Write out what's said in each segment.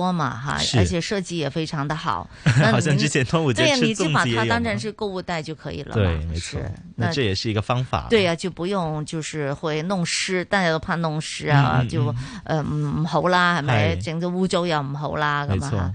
多嘛哈，而且設計也非常的好。好像之前端午節吃粽子也有。對，你就把它當成是購物袋就可以了。對，沒錯。那，那這也是一個方法。對呀，啊，就不用就是會弄濕，大家都怕弄濕啊，嗯、就呃唔唔好啦，係咪？嗯，整個污糟又唔好啦，咁啊嘿。嘛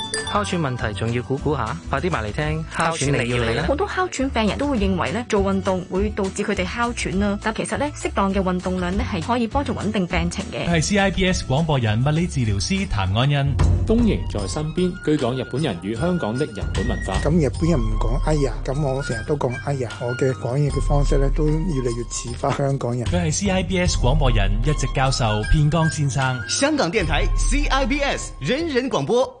哮喘問題仲要估估下，快啲埋嚟聽哮喘你要唔要咧？好多哮喘病人都會認為咧做運動會導致佢哋哮喘啦，但其實咧適當嘅運動量咧係可以幫助穩定病情嘅。佢係 CIBS 廣播人物理治療師譚安欣。東瀛在身邊，居港日本人與香港的日本文化。咁日本人唔講哎呀，咁我成日都講哎呀，我嘅講嘢嘅方式咧都越嚟越似翻香港人。佢係 CIBS 廣播人，一直教授片江先生。香港電台 CIBS 人人廣播。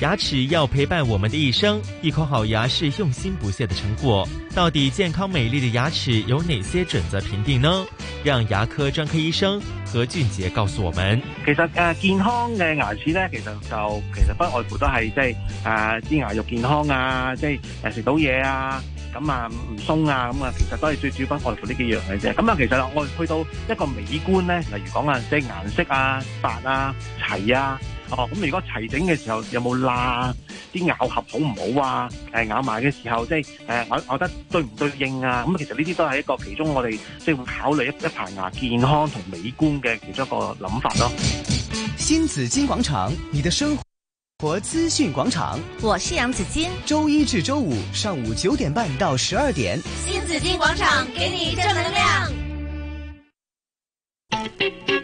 牙齒要陪伴我們的一生，一口好牙是用心不懈的成果。到底健康美麗的牙齒有哪些準則評定呢？讓牙科專科醫生何俊杰告訴我們。其實誒、呃，健康嘅牙齒咧，其實就其實不外乎都係即係誒，啲、呃、牙肉健康啊，即係誒食到嘢啊，咁啊唔鬆啊，咁、嗯、啊，其實都係最主要不外乎呢幾樣嘅啫。咁、嗯、啊，其實我去到一個美觀咧，例如講啊，即係顏色啊、白啊、齊啊。哦，咁、嗯、如果齊整嘅時候有冇罅，啲咬合好唔好啊？誒、呃，咬埋嘅時候即係誒、呃，咬得對唔對應啊？咁、嗯、其實呢啲都係一個其中我哋即係會考慮一一排牙健康同美觀嘅其中一個諗法咯、啊。新紫荊廣場，你的生活資訊廣場，我是楊子矜。周一至周五上午九點半到十二點，新紫荊廣場給你正能量。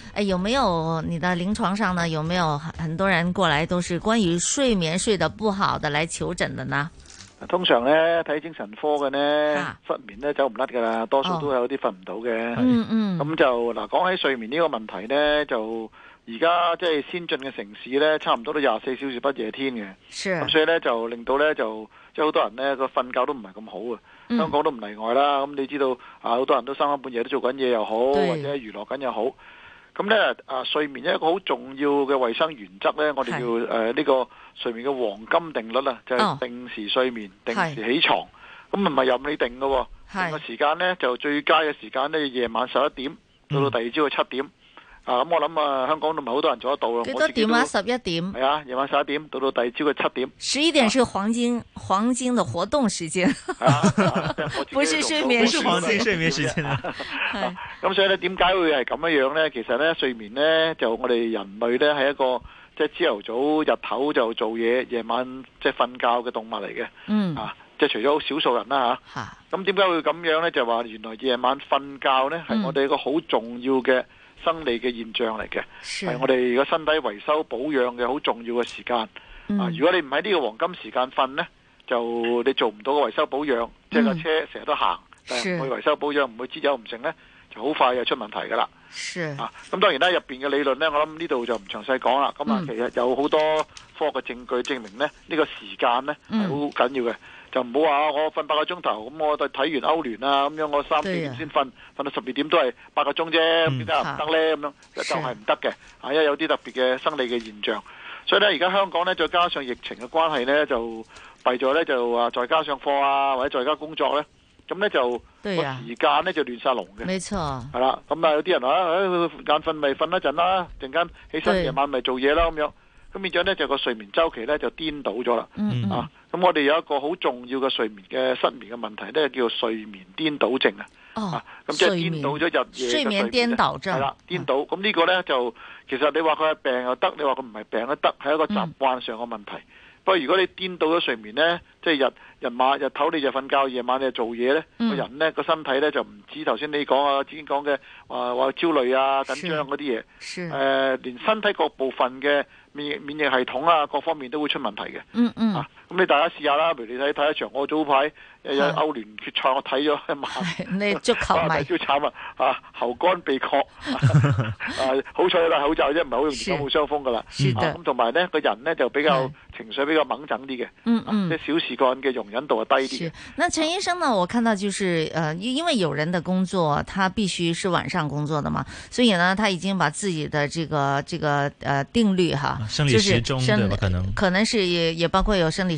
誒，有沒有你的臨床上呢？有沒有很多人過來都是關於睡眠睡得不好的來求診的呢？通常咧睇精神科嘅呢，啊、失眠咧走唔甩噶啦，多數都有啲瞓唔到嘅。嗯嗯。咁就嗱，講起睡眠呢個問題呢，就而家即係先進嘅城市呢，差唔多都廿四小時不夜天嘅。咁是所以呢，就令到呢，就即係好多人呢，個瞓覺都唔係咁好啊，香港都唔例外啦。咁、嗯、你知道啊，好多人都三更半夜都做緊嘢又好，對或者娛樂緊又好。咁咧，啊，睡眠一個好重要嘅衛生原則咧，我哋叫誒呢是、呃這個睡眠嘅黃金定律啦，就係、是、定時睡眠，哦、定時起床，咁唔係任你定噶、哦，是定個時間咧就最佳嘅時間咧，夜晚十一點到到第二朝嘅七點。嗯啊，咁我諗啊，香港都唔係好多人做得到咯。幾多點啊？十一點。係啊，夜晚十一點到到第二朝嘅七點。十一點是黃金黃金嘅活動時間，不是睡眠，不是黃金睡眠時間。咁所以咧，點解會係咁樣樣咧？其實咧，睡眠咧就我哋人類咧係一個即係朝頭早日頭就做嘢，夜晚即係瞓覺嘅動物嚟嘅。嗯啊，即係除咗好少數人啦吓。吓。咁點解會咁樣咧？就話原來夜晚瞓覺咧係我哋一個好重要嘅。生理嘅現象嚟嘅，係是我哋個身體維修保養嘅好重要嘅時間。啊、嗯，如果你唔喺呢個黃金時間瞓呢，就你做唔到個維修保養，即係個車成日都行，是但唔會維修保養，唔會滋油唔成呢，就好快又出問題噶啦。是啊，咁當然啦，入邊嘅理論呢，我諗呢度就唔詳細講啦。咁啊，其實有好多科學嘅證據證明呢，呢、這個時間呢係好緊要嘅。嗯嗯就唔好話我瞓八個鐘頭，咁我睇睇完歐聯啊，咁樣我三點先瞓，瞓到十二點都係八個鐘啫，點解唔得咧？咁樣就係唔得嘅，啊，因為有啲特別嘅生理嘅現象。所以咧，而家香港咧，再加上疫情嘅關係咧，就弊咗咧，就話在家課啊，或者在家工作咧，咁咧就個時間咧就亂晒龍嘅。冇錯。係啦，咁啊有啲人啊，唉眼瞓咪瞓一陣啦，陣間起身夜晚咪做嘢啦，咁樣。咁變咗咧就是，個睡眠周期咧就顛倒咗啦，嗯、啊！咁我哋有一個好重要嘅睡眠嘅失眠嘅問題咧，叫做睡眠顛倒症，哦、啊，咁即係顛倒咗日夜就睡眠係啦，顛倒，倒。咁，嗯嗯、呢個咧就其實你話佢係病又得，你話佢唔係病又得，係一個習慣上嘅問題。嗯，不過如果你顛倒咗睡眠咧，即係日日晚日頭你就瞓覺，夜晚你就做嘢咧，個，嗯、人咧個身體咧就唔止頭先你講啊，之前講嘅話話焦慮啊、緊張嗰啲嘢，誒、呃，連身體各部分嘅。免疫免疫系統啊，各方面都會出問題嘅。嗯嗯。咁你大家試下啦，譬如你睇睇一場，我早排有歐聯決賽，嗯、我睇咗一晚。你足球咪超慘啊！啊，喉乾鼻渴， 啊，好彩啦，口罩啫，唔係好容易感冒傷風噶啦。咁同埋呢個人呢，就比較是情緒比較猛的，整啲嘅，即、啊、小事幹嘅容忍度係低啲。那陳醫生呢？我看到就是、呃，因為有人的工作，他必須是晚上工作的嘛，所以呢，他已經把自己的這個這個，呃，定律哈，就是、生理時鐘，對吧？可能可能是也也包括有生理。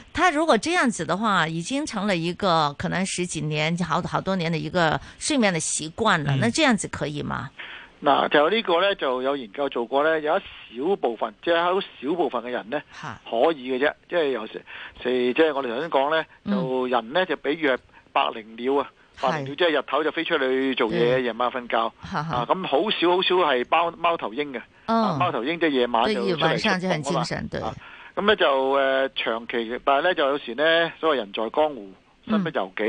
他如果這樣子的話，已經成了一個可能十幾年、好好多年的一個睡眠的習慣了。那這樣子可以嗎？嗱、嗯，嗯、就這個呢個咧就有研究做過呢，有一小部分，即係好小部分嘅人呢，可以嘅啫。即係有時，即係我哋頭先講呢，就人呢、嗯、就比如係百靈鳥啊，百靈鳥即係日頭就飛出去做嘢，對夜晚瞓覺咁好哈、啊、少好少係貓貓頭鷹嘅，貓、哦啊、頭鷹即係夜晚就出嚟。對咁咧就誒、呃、長期嘅，但係咧就有時咧，所謂人在江湖身不由己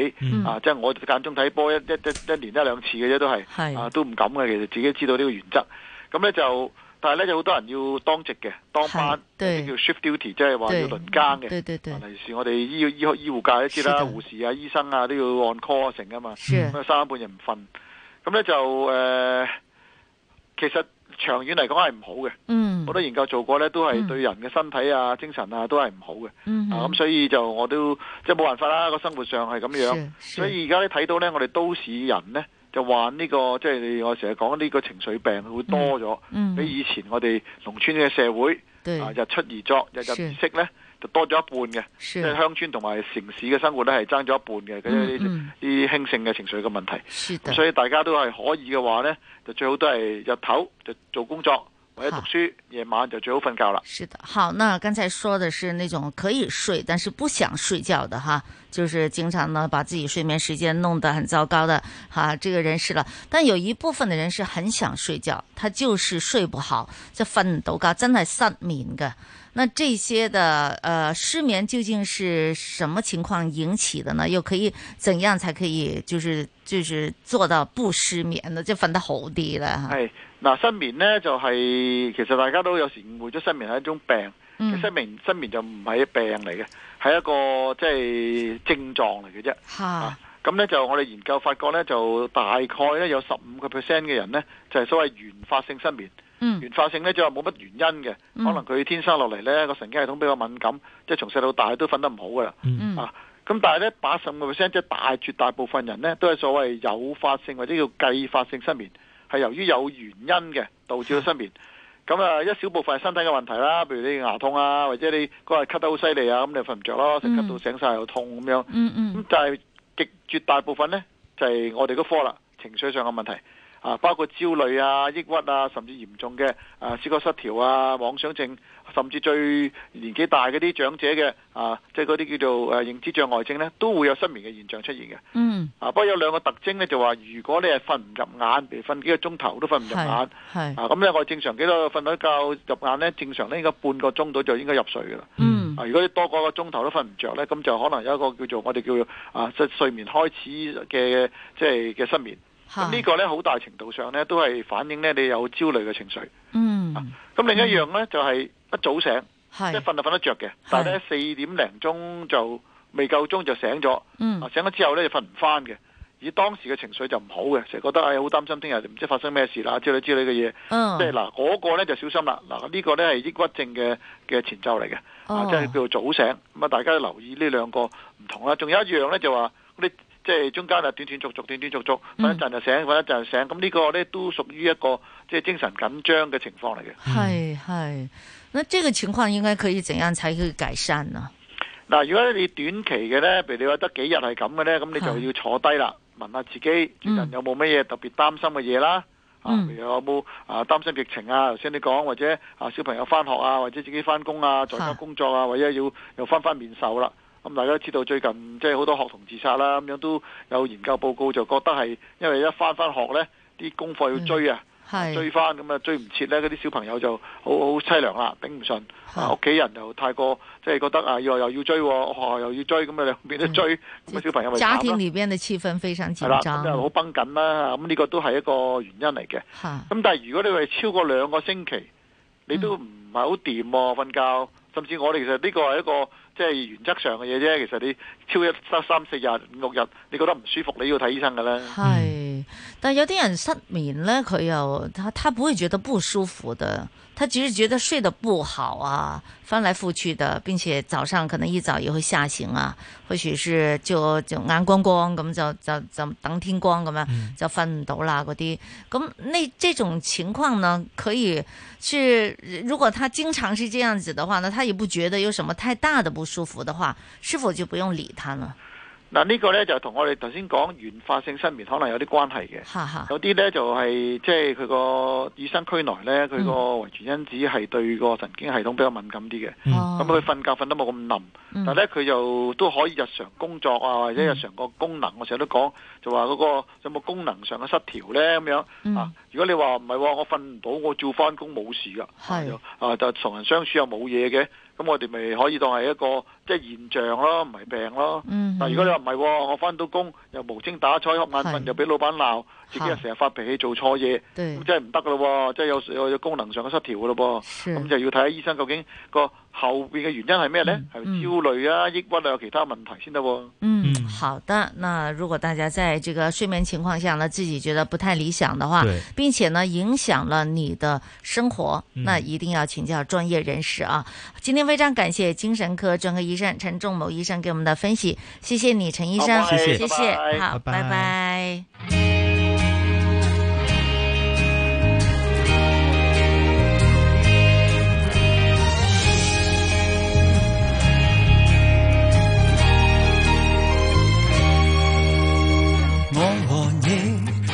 啊，即、就、係、是、我間中睇波一一一一年一,一,一兩次嘅啫，都係，是啊都唔敢嘅，其實自己知道呢個原則。咁咧就，但係咧就好多人要當值嘅，當班，叫 shift duty，即係話要輪更嘅。對對對尤其是我哋醫醫，醫護界都知啦，的護士啊、醫生啊都要按 call、啊、成啊嘛，咁的、嗯、三半人唔瞓。咁咧就誒、呃，其實。長遠嚟講係唔好嘅，好、嗯、多研究做過咧，都係對人嘅身體啊、嗯、精神啊都係唔好嘅。嗯、哼啊，咁所以就我都即係冇辦法啦，個生活上係咁樣。所以而家你睇到咧，我哋都市人咧就患呢、呢個即係、就是、你我成日講呢個情緒病會多咗，嗯嗯、比以前我哋農村嘅社會啊對日出而作日入而息咧。就多咗一半嘅，即係鄉村同埋城市嘅生活咧，係爭咗一半嘅。嗰啲啲輕性嘅情緒嘅問題，的所以大家都係可以嘅話呢就最好都係日頭就做工作好或者讀書，夜晚就最好瞓覺啦。是的，好，那剛才說嘅是那種可以睡，但是不想睡覺嘅，哈，就是經常呢把自己睡眠時間弄得很糟糕嘅。哈，這個人士了。但有一部分嘅人是很想睡覺，他就是睡唔好，即瞓唔到覺真係失眠嘅。那這些的、呃，失眠究竟是什麼情況引起的呢？又可以怎樣才可以，就是就是做到不失眠呢？即瞓得好啲啦。係嗱，失、呃、眠咧就係、是、其實大家都有時誤會咗失眠係一種病。失、嗯、眠失眠就唔係一病嚟嘅，係一個即係、就是、症狀嚟嘅啫。吓、啊。咁咧、啊、就我哋研究發覺咧，就大概咧有十五個 percent 嘅人咧，就係、是、所謂原發性失眠。嗯、原發性咧就話冇乜原因嘅，嗯、可能佢天生落嚟咧個神經系統比較敏感，即、就、係、是、從細到大都瞓得唔好噶啦。嗯、啊，咁但係咧八十五個 percent 即係大絕大部分人咧都係所謂有發性或者叫繼發性失眠，係由於有原因嘅導致咗失眠。咁啊、嗯，一小部分係身體嘅問題啦，譬如你牙痛啊，或者你，你嗰日咳得好犀利啊，咁你瞓唔着咯，成咳到醒晒又痛咁、嗯、樣。咁、嗯、但係極絕大部分咧就係、是、我哋個科啦，情緒上嘅問題。啊，包括焦慮啊、抑鬱啊，甚至嚴重嘅啊，思覺失調啊、妄想症，甚至最年紀大嗰啲長者嘅啊，即係嗰啲叫做誒、啊、認知障礙症咧，都會有失眠嘅現象出現嘅。嗯。啊，不過有兩個特徵咧，就話、是、如果你係瞓唔入眼，譬如瞓幾個鐘頭都瞓唔入眼。係。啊，咁咧我正常幾多瞓到覺入眼咧？正常咧應該半個鐘到就應該入睡噶啦。嗯。啊，如果你多個鐘頭都瞓唔着咧，咁就可能有一個叫做我哋叫做啊，即係睡眠開始嘅即係嘅失眠。咁呢個咧好大程度上咧都係反映咧你有焦慮嘅情緒。嗯。咁、啊、另一樣咧、嗯、就係一早醒，是即係瞓就瞓得着嘅，是但係咧四點零鐘就未夠鐘就醒咗、嗯啊。醒咗之後咧就瞓唔翻嘅，而當時嘅情緒就唔好嘅，成日覺得誒好、哎、擔心聽日唔知發生咩事啦，之類之類嘅嘢。即係嗱，嗰、啊那個咧就小心啦。嗱、啊，這個、呢個咧係抑鬱症嘅嘅前奏嚟嘅，啊啊、即係叫做早醒。咁啊，大家留意呢兩個唔同啦、啊。仲有一樣咧就話你。即係中間就斷斷續續，斷斷續續，瞓一陣就醒，瞓一陣就醒，咁呢個咧都屬於一個即係精神緊張嘅情況嚟嘅。係係，嗱呢個情況應該可以怎樣才可以改善呢？嗱，如果你短期嘅咧，譬如你話得幾日係咁嘅咧，咁你就要坐低啦，問下自己最近有冇乜嘢特別擔心嘅嘢啦。啊，譬如有冇啊擔心疫情啊，頭先你講，或者啊小朋友翻學啊，或者自己翻工啊，在家工作啊，或者要又翻翻面授啦。咁、嗯、大家都知道最近即係好多學童自殺啦，咁樣都有研究報告，就覺得係因為一翻翻學呢啲功課要追啊，嗯、追翻咁啊，追唔切呢。嗰啲小朋友就好好凄涼啦，頂唔順，屋企是、嗯、人就太過即係覺得啊，又又要追、啊，學校又要追，咁啊兩邊都追，咁啊、嗯、小朋友咪家庭裏邊嘅氣氛非常緊張。好崩、嗯、緊啦，咁呢個都係一個原因嚟嘅。咁是、嗯、但係如果你話超過兩個星期，你都唔係好掂喎，瞓覺，甚至我哋其實呢個係一個。即係原則上嘅嘢啫，其實你超一三三四日五六日，你覺得唔舒服，你要睇醫生㗎啦。係，但係有啲人失眠咧，佢又他他不會覺得不舒服的。他其實覺得睡得不好啊，翻來覆去的，並且早上可能一早也會嚇醒啊，或許是就就暗光光，咁就就就等天光咁樣就瞓唔到啦嗰啲。咁那這種情況呢，可以是如果他經常是這樣子的話呢，他也不覺得有什麼太大的不舒服的話，是否就不用理他呢？嗱，呢個咧就同我哋頭先講原發性失眠可能有啲關係嘅， 有啲咧就係、是、即係佢個與生俱來咧，佢個遺傳因子係對個神經系統比較敏感啲嘅。咁佢瞓覺瞓得冇咁冧，嗯、但係咧佢又都可以日常工作啊，或者日常個功能，嗯、我成日都講就話嗰個有冇功能上嘅失調咧咁樣、嗯、啊。如果你話唔係喎，我瞓唔到，我照翻工冇事㗎。係是啊，就同、啊、人相處又冇嘢嘅。咁我哋咪可以當係一個即係現象咯，唔係病咯。嗯、哼但如果你話唔係，我翻到工又無精打采，瞌眼瞓，又俾老闆鬧，自己又成日發脾氣做錯嘢，咁真係唔得噶咯。即係有有功能上嘅失調噶咯噃，咁是就要睇下醫生究竟個。後邊嘅原因係咩呢？係、嗯、焦慮啊、嗯、抑鬱啊，有其他問題先得、啊。嗯，好的。那如果大家在這個睡眠情況下呢，自己覺得不太理想的話，並且呢影響了你的生活，嗯、那一定要請教專業人士啊。今天非常感謝精神科專科醫生陳仲謀醫生給我們的分析，謝謝你，陳醫生，謝謝，好，拜拜。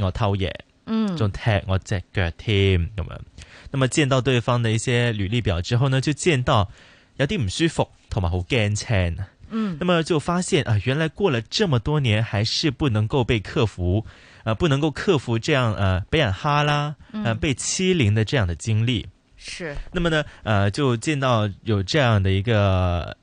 我偷嘢，嗯，仲踢我隻腳添咁樣。那麼見到對方的一些履歷表之後呢，就見到有啲唔舒服，同埋好緊張，嗯。那麼就發現啊、呃，原來過了這麼多年，還是不能夠被克服，啊、呃，不能夠克服這樣，啊、呃，被人哈啦、嗯呃，被欺凌的這樣的經歷，是。那麼呢，啊、呃，就見到有這樣的一個。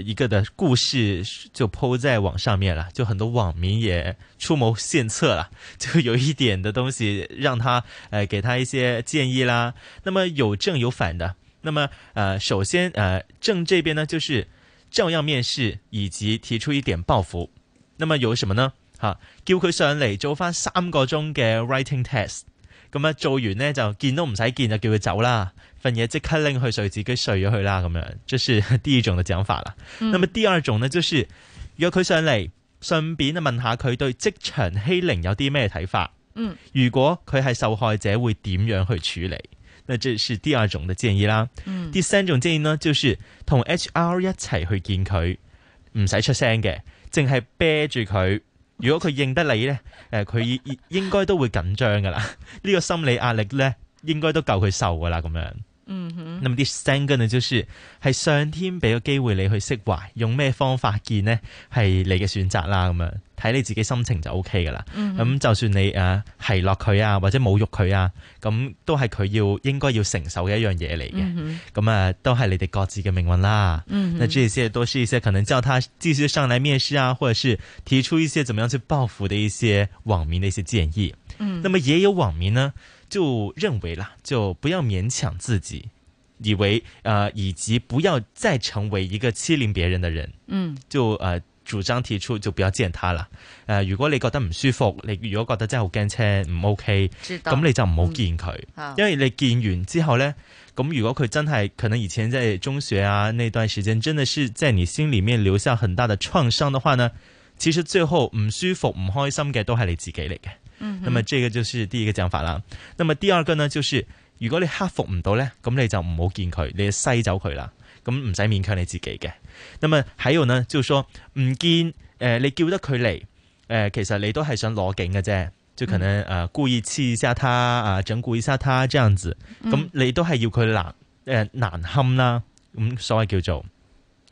一個的故事就鋪在網上面了，就很多網民也出謀獻策了，就有一點的東西讓他呃給他一些建議啦。那麼有正有反的，那麼、呃、首先呃正這邊呢就是照樣面試，以及提出一點報復。那麼有什麼呢？哈、啊，叫佢上嚟做返三個鐘嘅 writing test，咁啊做完呢就見都唔使見就叫佢走啦。份嘢即刻拎去碎自己碎咗佢啦，咁樣，即是第二種嘅講法啦。咁啊、嗯，那麼第二種呢？就是約佢上嚟，順便問下佢對職場欺凌有啲咩睇法？嗯，如果佢係受害者，會點樣去處理？嗱，就是第二種嘅建議啦。嗯、第三種建議呢，就是同 H R 一齊去見佢，唔使出聲嘅，淨係啤住佢。如果佢認得你呢，誒、呃，佢應該都會緊張噶啦，呢 個心理壓力呢，應該都夠佢受噶啦，咁樣。嗯哼，咁啲聲嗰呢、就是，就說係上天俾個機會你去釋懷，用咩方法見呢？係你嘅選擇啦，咁樣睇你自己心情就 O K 噶啦。咁、嗯、哼就算你誒係落佢啊，或者侮辱佢啊，咁都係佢要應該要承受嘅一樣嘢嚟嘅。咁、嗯、哼啊都係你哋各自嘅命運啦。嗯哼，那這些都是一些可能叫他繼續上來面試啊，或者是提出一些怎麼樣去報復的一些網民的一些建議。嗯哼，那麼也有網民呢。就認為啦，就不要勉強自己，以為啊、呃，以及不要再成為一個欺凌別人的人。嗯，就誒、呃、主張提出就不要見他啦。誒、呃，如果你覺得唔舒服，你如果覺得真係好驚青唔 OK，咁道你就唔、嗯、好見佢。因為你見完之後咧，咁如果佢真係可能以前在中學啊那段時間，真的是在你心裏面留下很大的創傷的話呢，其實最後唔舒服、唔開心嘅都係你自己嚟嘅。咁啊，即係、嗯、就是第一個講法啦。咁啊，第二個呢，就是如果你克服唔到咧，咁你就唔好見佢，你就篩走佢啦。咁唔使勉強你自己嘅。咁啊，喺度呢，就是、說唔見誒、呃，你叫得佢嚟誒，其實你都係想攞景嘅啫，就可能誒、嗯呃、故意刺一下他啊，整蠱一下他這樣子。咁你都係要佢難誒、呃、難堪啦。咁所謂叫做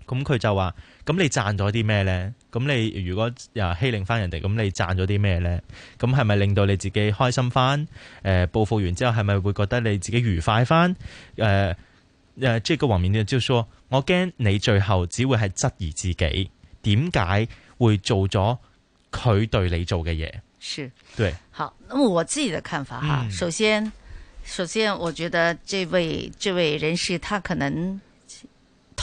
咁佢就話，咁你賺咗啲咩咧？咁你如果呀欺凌翻人哋，咁你賺咗啲咩咧？咁係咪令到你自己開心翻？誒、呃，報復完之後係咪會覺得你自己愉快翻？誒、呃、誒，即、呃、係、這個黃面就說，我驚你最後只會係質疑自己，點解會做咗佢對你做嘅嘢？是對。好，那我自己的看法哈，嗯、首先，首先我覺得這位這位人士，他可能。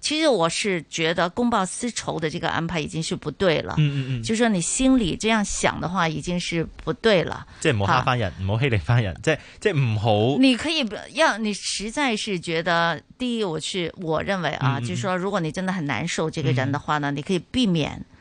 其實我是覺得公報私仇的這個安排已經是不對了。嗯嗯嗯，就說你心裏這樣想的話已經是不對了。即唔好嚇翻人，唔好、啊、欺凌翻人，即即唔好。你可以不要你實在是覺得，第一我是我認為啊，就是、嗯、說如果你真的很難受這個人的話呢，嗯、你可以避免。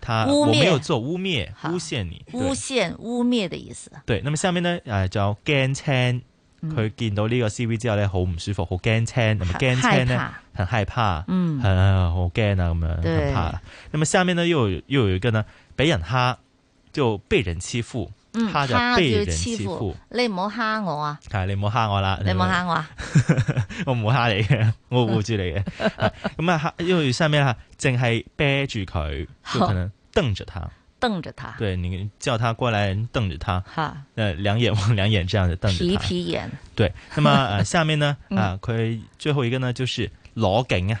他蔑我沒有做污蔑，誣陷你，誣陷好對、污蔑的意思。對，那麼下面呢，誒就驚青，佢、嗯、見到呢個 C V 之後咧，好唔舒服，好驚青，係咪驚青咧？很害怕，嗯，係啊，好驚啊，咁樣，很怕。咁啊，對下面呢又有，又有一個呢俾人蝦，就被人欺負。蝦、嗯、就俾人欺負，欺負。你唔好蝦我啊！係、啊、你唔好蝦我啦，你唔好蝦我啊！ 我唔會蝦你嘅，我護住你嘅。咁 啊，因為咩啊？淨係啤住佢，就可能瞪着佢，瞪着他。對，你叫他過來瞪他，瞪着佢。吓，兩眼望兩眼，兩眼這樣子瞪。皮皮眼。 對，那麼、啊、下面呢？啊，佢最後一個呢，就是攞景啊！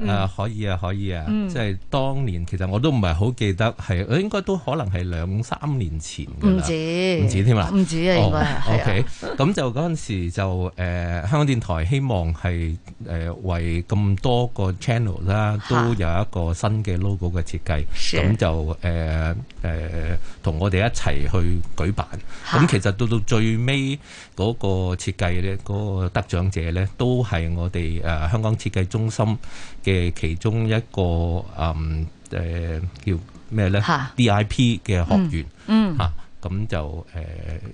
誒、嗯呃、可以啊，可以啊，即係、嗯、當年其實我都唔係好記得，係應應該都可能係兩三年前㗎啦唔止，唔止添啊，唔止啊，應該。哦、應該 OK，咁 就嗰陣時就誒、呃、香港電台希望係誒、呃、為咁多個 channel 啦，都有一個新嘅 logo 嘅設計，咁哈就誒同、呃呃、我哋一齊去舉辦。咁哈其實到到最尾。嗰個設計咧，嗰、嗰個得獎者咧，都係我哋誒香港設計中心嘅其中一個誒、嗯呃、叫咩咧 DIP 嘅學員，嚇咁、嗯嗯啊、就誒、呃、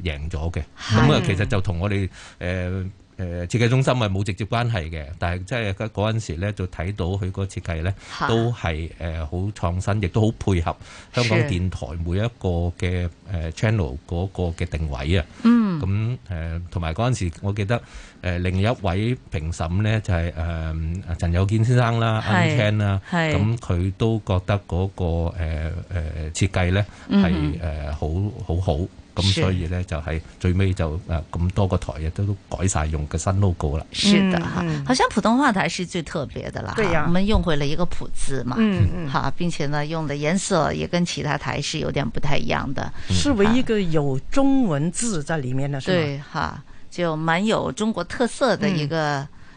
贏咗嘅，咁啊的其實就同我哋誒。呃誒設計中心係冇直接關係嘅，但係即係嗰嗰陣時咧就睇到佢個設計咧都係誒好創新，亦都好配合香港電台每一個嘅誒 channel 嗰個嘅定位啊。嗯，咁誒同埋嗰陣時，我記得誒另一位評審咧就係誒陳友健先生啦，Alan Chan 啦，咁佢都覺得嗰個誒誒設計咧係誒好好好。咁所以呢，是就喺最尾就誒咁、啊、多個台亦都改晒用嘅新 logo 啦。是的哈，好像普通話台是最特別的啦。對啊，我們用回了一個普字嘛。嗯嗯。哈、啊，並且呢用嘅顏色也跟其他台是有點不太一樣的。是唯一一個有中文字在裏面的，啊、是嗎吧？對哈、啊，就蠻有中國特色的一個。嗯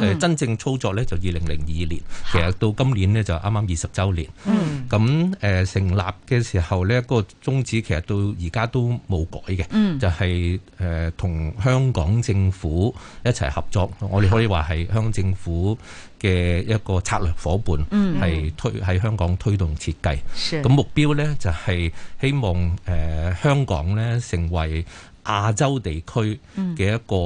誒真正操作咧就二零零二年，其實到今年呢，就啱啱二十週年。咁誒、嗯、成立嘅時候呢，嗰、那個宗旨其實到而家都冇改嘅，嗯、就係誒同香港政府一齊合作。我哋可以話係香港政府嘅一個策略夥伴，係推喺香港推動設計。咁、嗯、目標呢，就係希望誒香港呢成為亞洲地區嘅一個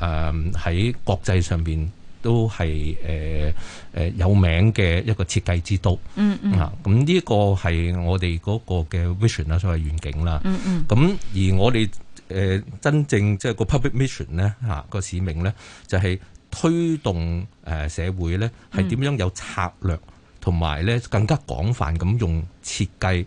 誒喺國際上面，都係誒誒有名嘅一個設計之都，嗯嗯，啊，咁呢個係我哋嗰個嘅 vision 啦，所謂願景啦，嗯嗯，咁而我哋誒真正即係個 public mission 咧，嚇個使命咧，就係、是、推動誒、呃、社會咧，係點樣有策略同埋咧更加廣泛咁用設計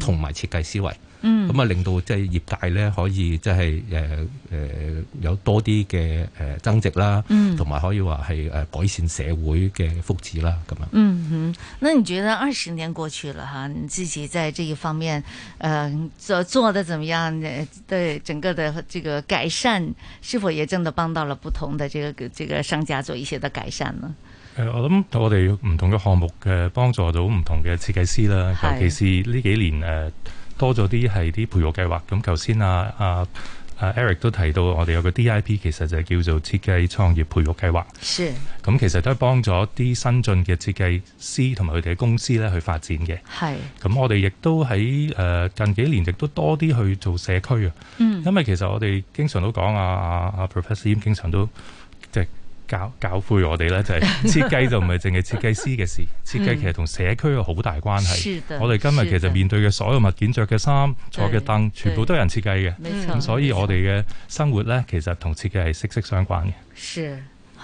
同埋設計思維。嗯，咁啊，令到即係業界咧可以即係誒誒有多啲嘅誒增值啦，同埋、嗯、可以話係誒改善社會嘅福祉啦，咁樣。嗯哼，那你覺得二十年過去了吓，你自己在這一方面，誒做做得怎麼樣？對整個的這個改善，是否也真的幫到了不同的這個這個商家做一些的改善呢？誒，我諗我哋唔同嘅項目嘅幫助到唔同嘅設計師啦，尤其是呢幾年誒。的多咗啲係啲培育計劃，咁頭先啊，啊，啊 Eric 都提到，我哋有個 DIP，其實就叫做設計創業培育計劃。是。咁其實都係幫咗啲新進嘅設計師同埋佢哋嘅公司咧去發展嘅。咁是我哋亦都喺、呃、近幾年亦都多啲去做社區啊。嗯。因為其實我哋經常都講啊啊 Professor 經常都。教教誨我哋呢，就係、是、設計就唔係淨係設計師嘅事， 嗯、設計其實同社區有好大關係。的我哋今日其實面對嘅所有物件、着嘅衫、坐嘅凳，對全部都有人設計嘅。咁所以我哋嘅生活呢，錯其實同設計係息息相關嘅。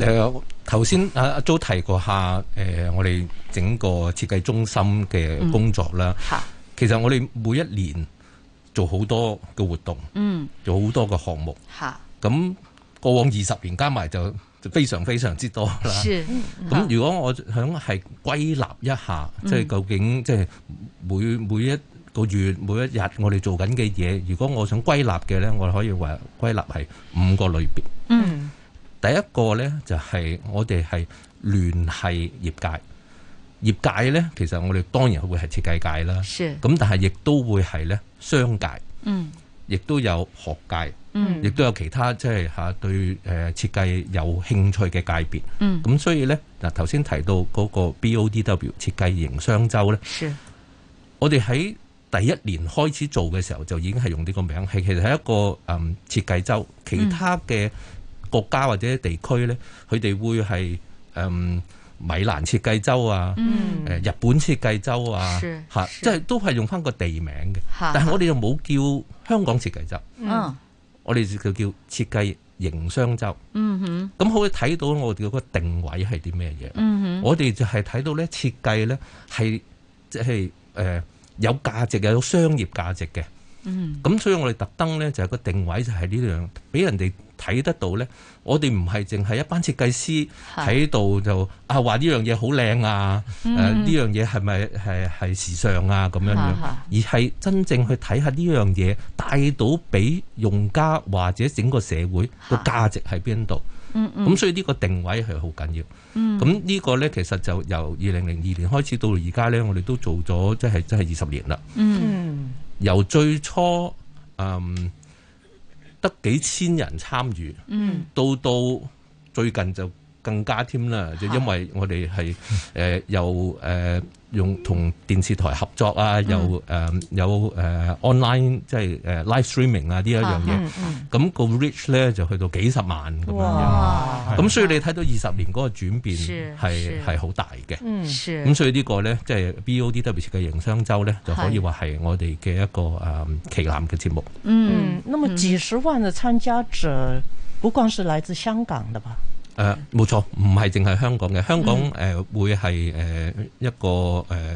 誒，頭先阿阿周提過下，誒、呃，我哋整個設計中心嘅工作啦。吓、嗯，其實我哋每一年做好多嘅活動，嗯，做好多嘅項目。吓哈，咁過往二十年加埋就就非常非常之多啦。咁、嗯、如果我想係歸納一下，即係、嗯、究竟即係每每一個月、每一日我哋做緊嘅嘢，如果我想歸納嘅咧，我可以話歸納係五個類別。嗯。第一個咧就係我哋係聯繫業界，業界咧其實我哋當然會係設計界啦，咁是但係亦都會係咧商界，嗯，亦都有學界，嗯，亦都有其他即係吓對誒設計有興趣嘅界別，嗯，咁所以咧嗱頭先提到嗰個 BODW 設計營商周咧，是我哋喺第一年開始做嘅時候就已經係用呢個名，係其實係一個嗯設計周，其他嘅，嗯。國家或者地區咧，佢哋會係誒、嗯、米蘭設計周啊，誒、嗯、日本設計周啊，吓，是即係都係用翻個地名嘅。是是但係我哋又冇叫香港設計周，嗯、我哋就叫設計營商周。咁、嗯、哼可以睇到我哋嗰個定位係啲咩嘢？嗯、哼我哋就係睇到咧設計咧係即係誒有價值嘅，有商業價值嘅。咁、嗯、哼所以我哋特登咧就係個定位就係呢樣，俾人哋。睇得到呢，我哋唔係淨係一班設計師喺度就啊話呢樣嘢好靚啊，呢樣嘢係咪係係時尚啊咁樣樣，而係真正去睇下呢樣嘢帶到俾用家或者整個社會個價值喺邊度，咁、嗯嗯、所以呢個定位係好緊要。咁呢個呢，其實就由二零零二年開始到而家呢，我哋都做咗即係即係二十年啦。由最初嗯、得幾千人參與，嗯，到到最近就。更加添啦，就因為我哋係誒又誒用同電視台合作啊，又誒有誒 online 即係誒 live streaming 啊呢一樣嘢，咁個 reach 咧就去到幾十萬咁樣樣，咁所以你睇到二十年嗰個轉變係係好大嘅。咁所以呢個咧即係 BODW 設計營商週咧就可以話係我哋嘅一個誒旗艦嘅節目。嗯，那麼幾十萬嘅參加者不光是來自香港的吧？誒冇錯，唔係淨係香港嘅，香港誒會係誒一個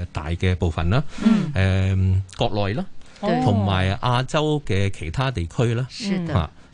誒大嘅部分啦。誒、嗯、國內啦，同埋亞洲嘅其他地區啦，嚇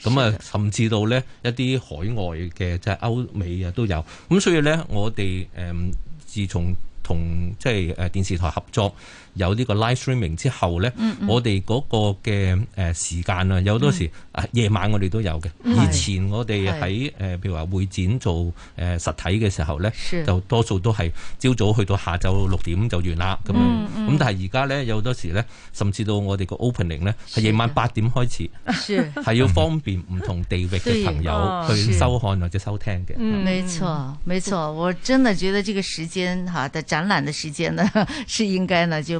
咁啊，甚至到咧一啲海外嘅即係歐美啊都有。咁所以咧，我哋誒自從同即係誒電視台合作。有呢個 live streaming 之後咧，我哋嗰個嘅誒時間啊，有多時啊，夜晚我哋都有嘅。以前我哋喺誒譬如話會展做誒實體嘅時候咧，就多數都係朝早去到下晝六點就完啦咁樣咁，但係而家咧，有多時咧，甚至到我哋個 opening 咧係夜晚八點開始，係要方便唔同地域嘅朋友去收看或者收聽嘅。嗯，沒錯沒錯，我真的覺得這個時間哈的展覽嘅時間呢，是應該呢就。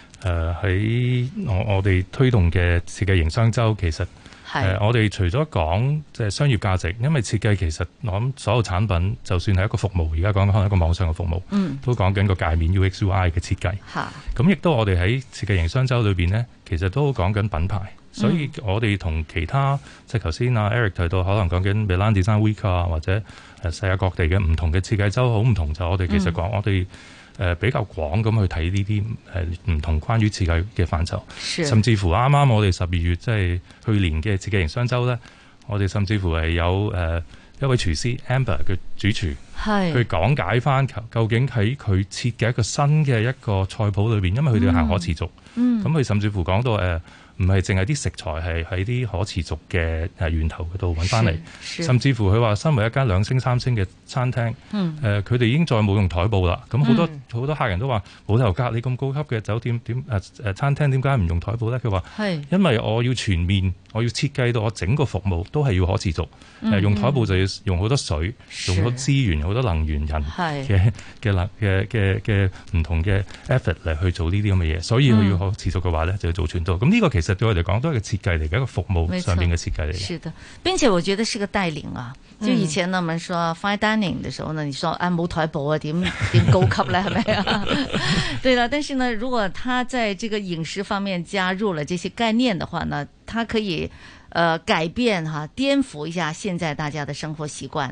誒喺、呃、我我哋推動嘅設計營商周，其實誒是、呃、我哋除咗講即係商業價值，因為設計其實我諗所有產品，就算係一個服務，而家講緊可能一個網上嘅服務，嗯，都講緊個界面 UXUI 嘅設計。嚇哈，咁亦都我哋喺設計營商周裏邊咧，其實都講緊品牌。所以我哋同其他、嗯、即係頭先啊 Eric 提到，可能講緊 Berlin Design Week 啊，或者誒世界各地嘅唔同嘅設計周好唔同。就我哋其實講我哋。嗯誒、呃、比較廣咁去睇呢啲誒唔同關於設計嘅範疇，是甚至乎啱啱我哋十二月即係、就是、去年嘅設計營商週咧，我哋甚至乎係有誒、呃、一位廚師 Amber 嘅主廚，去是講解翻究竟喺佢設計一個新嘅一個菜譜裏邊，因為佢哋行可持續，咁佢、嗯嗯、甚至乎講到誒。呃唔係淨係啲食材係喺啲可持續嘅源頭度揾翻嚟，甚至乎佢話身為一間兩星三星嘅餐廳，佢哋已經再冇用台布啦。咁好多好、嗯、多客人都話冇頭家，你咁高級嘅酒店點、啊、餐廳點解唔用台布咧？佢話是因為我要全面，我要設計到我整個服務都係要可持續、嗯呃、用台布就要用好多水，嗯、用好多資源好是多能源人嘅嘅嘅嘅嘅唔同嘅 effort 嚟去做呢啲咁嘅嘢，所以佢要可持續嘅話咧，嗯、就要做全多。咁呢個其實。對我哋講都係個設計嚟嘅一個服務上面嘅設計嚟嘅。是嘅，並且我覺得是個帶領啊。就以前呢，我哋說 fine dining 嘅時候呢，嗯、你說啊冇台薄啊，點點、啊、高級咧，係咪啊？ 是是啊 對啦，但是呢，如果他在這個飲食方面加入了這些概念的話，呢，它可以，呃、改變哈、啊，顛覆一下現在大家的生活習慣。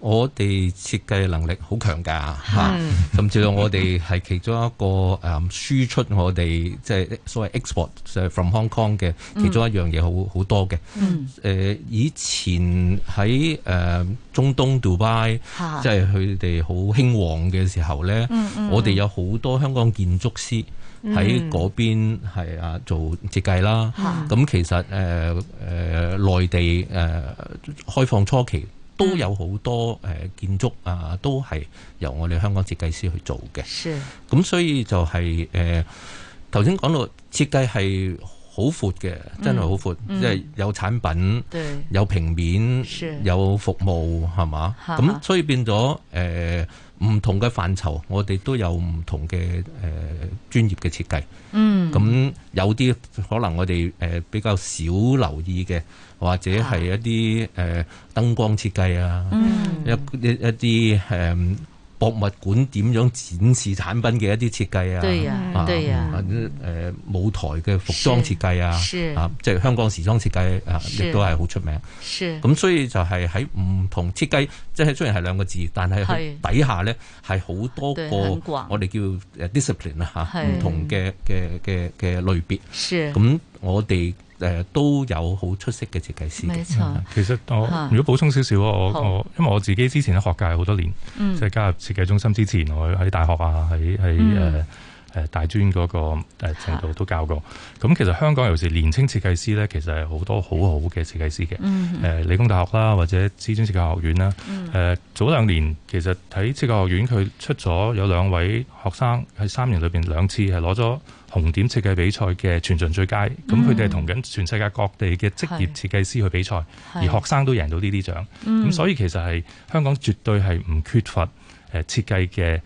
我哋設計能力好強噶嚇、啊，甚至到我哋係其中一個誒、嗯、輸出我哋即係所謂 export 就係 from Hong Kong 嘅其中一樣嘢，好好多嘅。誒、啊、以前喺誒、呃、中東杜拜，Dubai, 啊、即係佢哋好興旺嘅時候咧，啊嗯嗯、我哋有好多香港建築師喺嗰邊、嗯、啊做設計啦。咁、啊、其實誒誒、呃呃、內地誒、呃、開放初期。都有好多誒、呃、建築啊，都係由我哋香港設計師去做嘅。咁是所以就係誒頭先講到設計係好闊嘅，真係好闊，嗯、即係有產品，對有平面，是有服務，係嘛？咁所以變咗誒。呃唔同嘅範疇，我哋都有唔同嘅誒、呃、專業嘅設計。嗯，咁有啲可能我哋誒、呃、比較少留意嘅，或者係一啲誒、呃、燈光設計啊，嗯、一一一啲誒。博物館點樣展示產品嘅一啲設計啊？對呀、啊，對呀、啊。誒、啊、舞台嘅服裝設計啊，是是啊，即、就、係、是、香港時裝設計啊，亦都係好出名。是。咁所以就係喺唔同設計，即、就、係、是、雖然係兩個字，但係底下咧係好多個我哋叫誒 discipline 啊吓，唔同嘅嘅嘅嘅類別。是。咁是我哋。誒，都有好出色嘅設計師、嗯。其實我如果補充少少，我好我因為我自己之前喺學界好多年，嗯、即係加入設計中心之前，我喺大學啊，喺喺誒誒大專嗰個誒程度都教過。咁、嗯、其實香港尤其是年青設計師呢，其實係好多好好嘅設計師嘅。誒、嗯呃，理工大學啦，或者知專設計學院啦，誒、呃，早兩年其實喺設計學院佢出咗有兩位學生喺三年裏邊兩次係攞咗。紅點設計比賽嘅全場最佳，咁佢哋係同緊全世界各地嘅職業設計師去比賽，而學生都贏到呢啲獎。咁、嗯、所以其實係香港絕對係唔缺乏誒設計嘅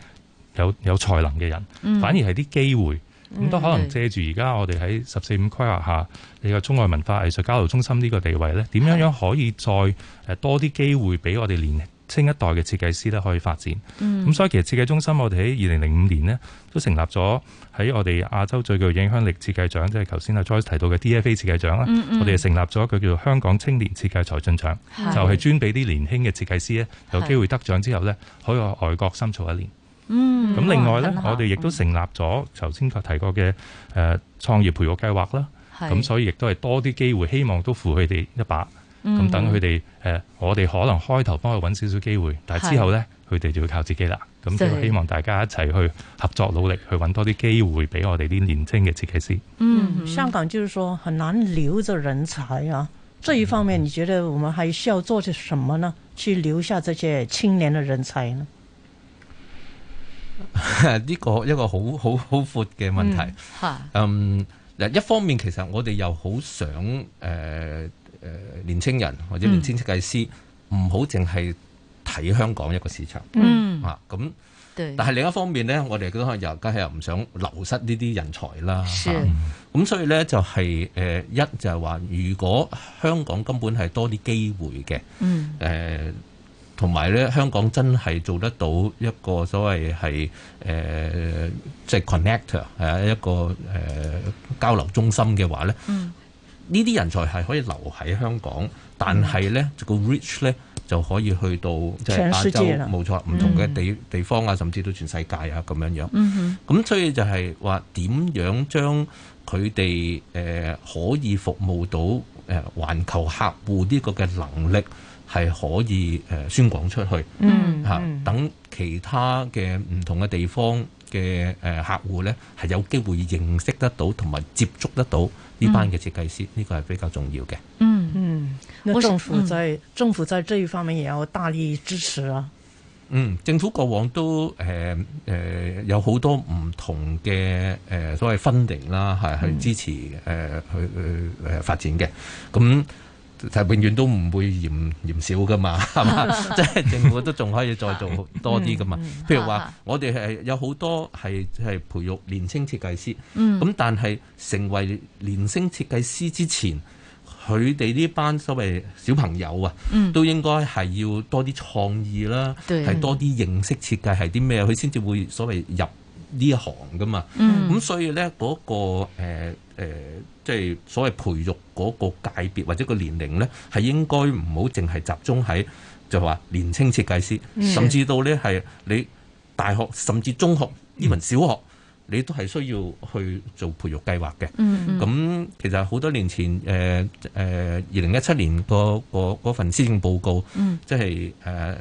有有才能嘅人，嗯、反而係啲機會咁、嗯、都可能借住而家我哋喺十四五規劃下，你個中外文化藝術交流中心呢個地位咧，點樣樣可以再誒多啲機會俾我哋年清一代嘅設計師咧，可以發展，咁、嗯、所以其實設計中心我哋喺二零零五年咧，都成立咗喺我哋亞洲最具影響力設計獎，即係頭先 Joyce 提到嘅 DFA 設計獎啦，嗯嗯、我哋成立咗一個叫做香港青年設計才俊獎，是就係專俾啲年輕嘅設計師咧，有機會得獎之後咧，可以去外國深造一年。嗯，咁另外咧、哦、我哋亦都成立咗頭先提過嘅誒創業培育計劃啦，咁、嗯、所以亦都係多啲機會，希望都扶佢哋一把。咁等佢哋誒，我哋可能開頭幫佢搵少少機會，但係之後呢，佢哋是就要靠自己啦。咁所以希望大家一齊去合作努力，去搵多啲機會俾我哋啲年輕嘅設計師。嗯，哼嗯，香港就是說很難留着人才啊，這一方面你覺得我們還需要做些什麼呢？去留下這些青年嘅人才呢？呢、嗯、哼 個一個好好好闊嘅問題。嗯，嗱，um, 一方面其實我哋又好想誒。呃誒，年青人或者年青設計師唔好淨係睇香港一個市場，嗯啊，咁，但係另一方面呢，我哋都可能又梗係又唔想流失呢啲人才啦，咁、啊、是所以呢，就係、是、誒、呃、一就係話，如果香港根本係多啲機會嘅，嗯，誒、呃，同埋呢，香港真係做得到一個所謂係誒即、呃、係、就是、connector，係一個誒、呃、交流中心嘅話呢。嗯呢啲人才係可以留喺香港，但係呢、呢個 reach 呢就可以去到即係亞洲，冇錯，唔同嘅地地方啊，甚至到全世界啊咁樣樣。嗯咁哼所以就係話點樣將佢哋誒可以服務到誒環、呃、球客戶呢個嘅能力係可以誒、呃、宣廣出去。嗯，嚇、嗯，等、啊、其他嘅唔同嘅地方嘅誒客戶呢係有機會認識得到，同埋接觸得到。呢班嘅設計師，呢、這個係比較重要嘅。嗯嗯，那政府在政府在這一方面也要大力支持啊。嗯，政府過往都誒誒、呃呃、有好多唔同嘅誒、呃、所謂分零 funding 啦，係係支持誒、呃、去去誒、呃、發展嘅。咁、嗯。就永遠都唔會嫌嫌少噶嘛，係嘛？即係 政府都仲可以再做多啲噶嘛。 嗯嗯、哈哈譬如話，我哋係有好多係係培育年青設計師。咁、嗯、但係成為年青設計師之前，佢哋呢班所謂小朋友啊，嗯、都應該係要多啲創意啦，係對多啲認識設計係啲咩，佢先至會所謂入呢一行噶嘛。咁、嗯嗯、所以咧嗰、嗰個、呃誒，即係、呃就是、所謂培育嗰個界別或者個年齡呢，係應該唔好淨係集中喺就話年輕設計師，甚至到呢係你大學甚至中學，呢門小學，嗯、你都係需要去做培育計劃嘅。咁、嗯嗯、其實好多年前，誒誒二零一七年個個嗰份施政報告，即係誒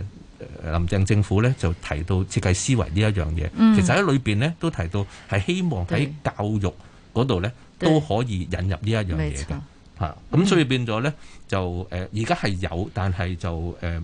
林鄭政府呢，就提到設計思維呢一樣嘢。嗯、其實喺裏邊呢，都提到係希望喺教育嗰度呢。對都可以引入呢一樣嘢㗎，咁錯所以變咗咧、嗯、就誒，而家係有，但係就誒唔。呃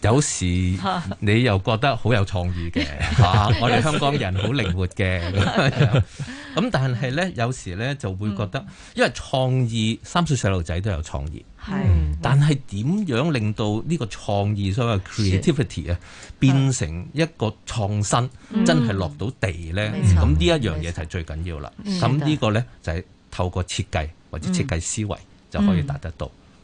有時你又覺得好有創意嘅，嚇、 啊！我哋香港人好靈活嘅咁 但係呢，有時呢就會覺得，因為創意三歲細路仔都有創意，係是。但係點樣令到呢個創意，所謂 creativity 啊是，變成一個創新，是真係落到地呢？咁呢一樣嘢就係最緊要啦。咁呢的個呢，就係、是、透過設計或者設計思維就可以達得到。嗯嗯。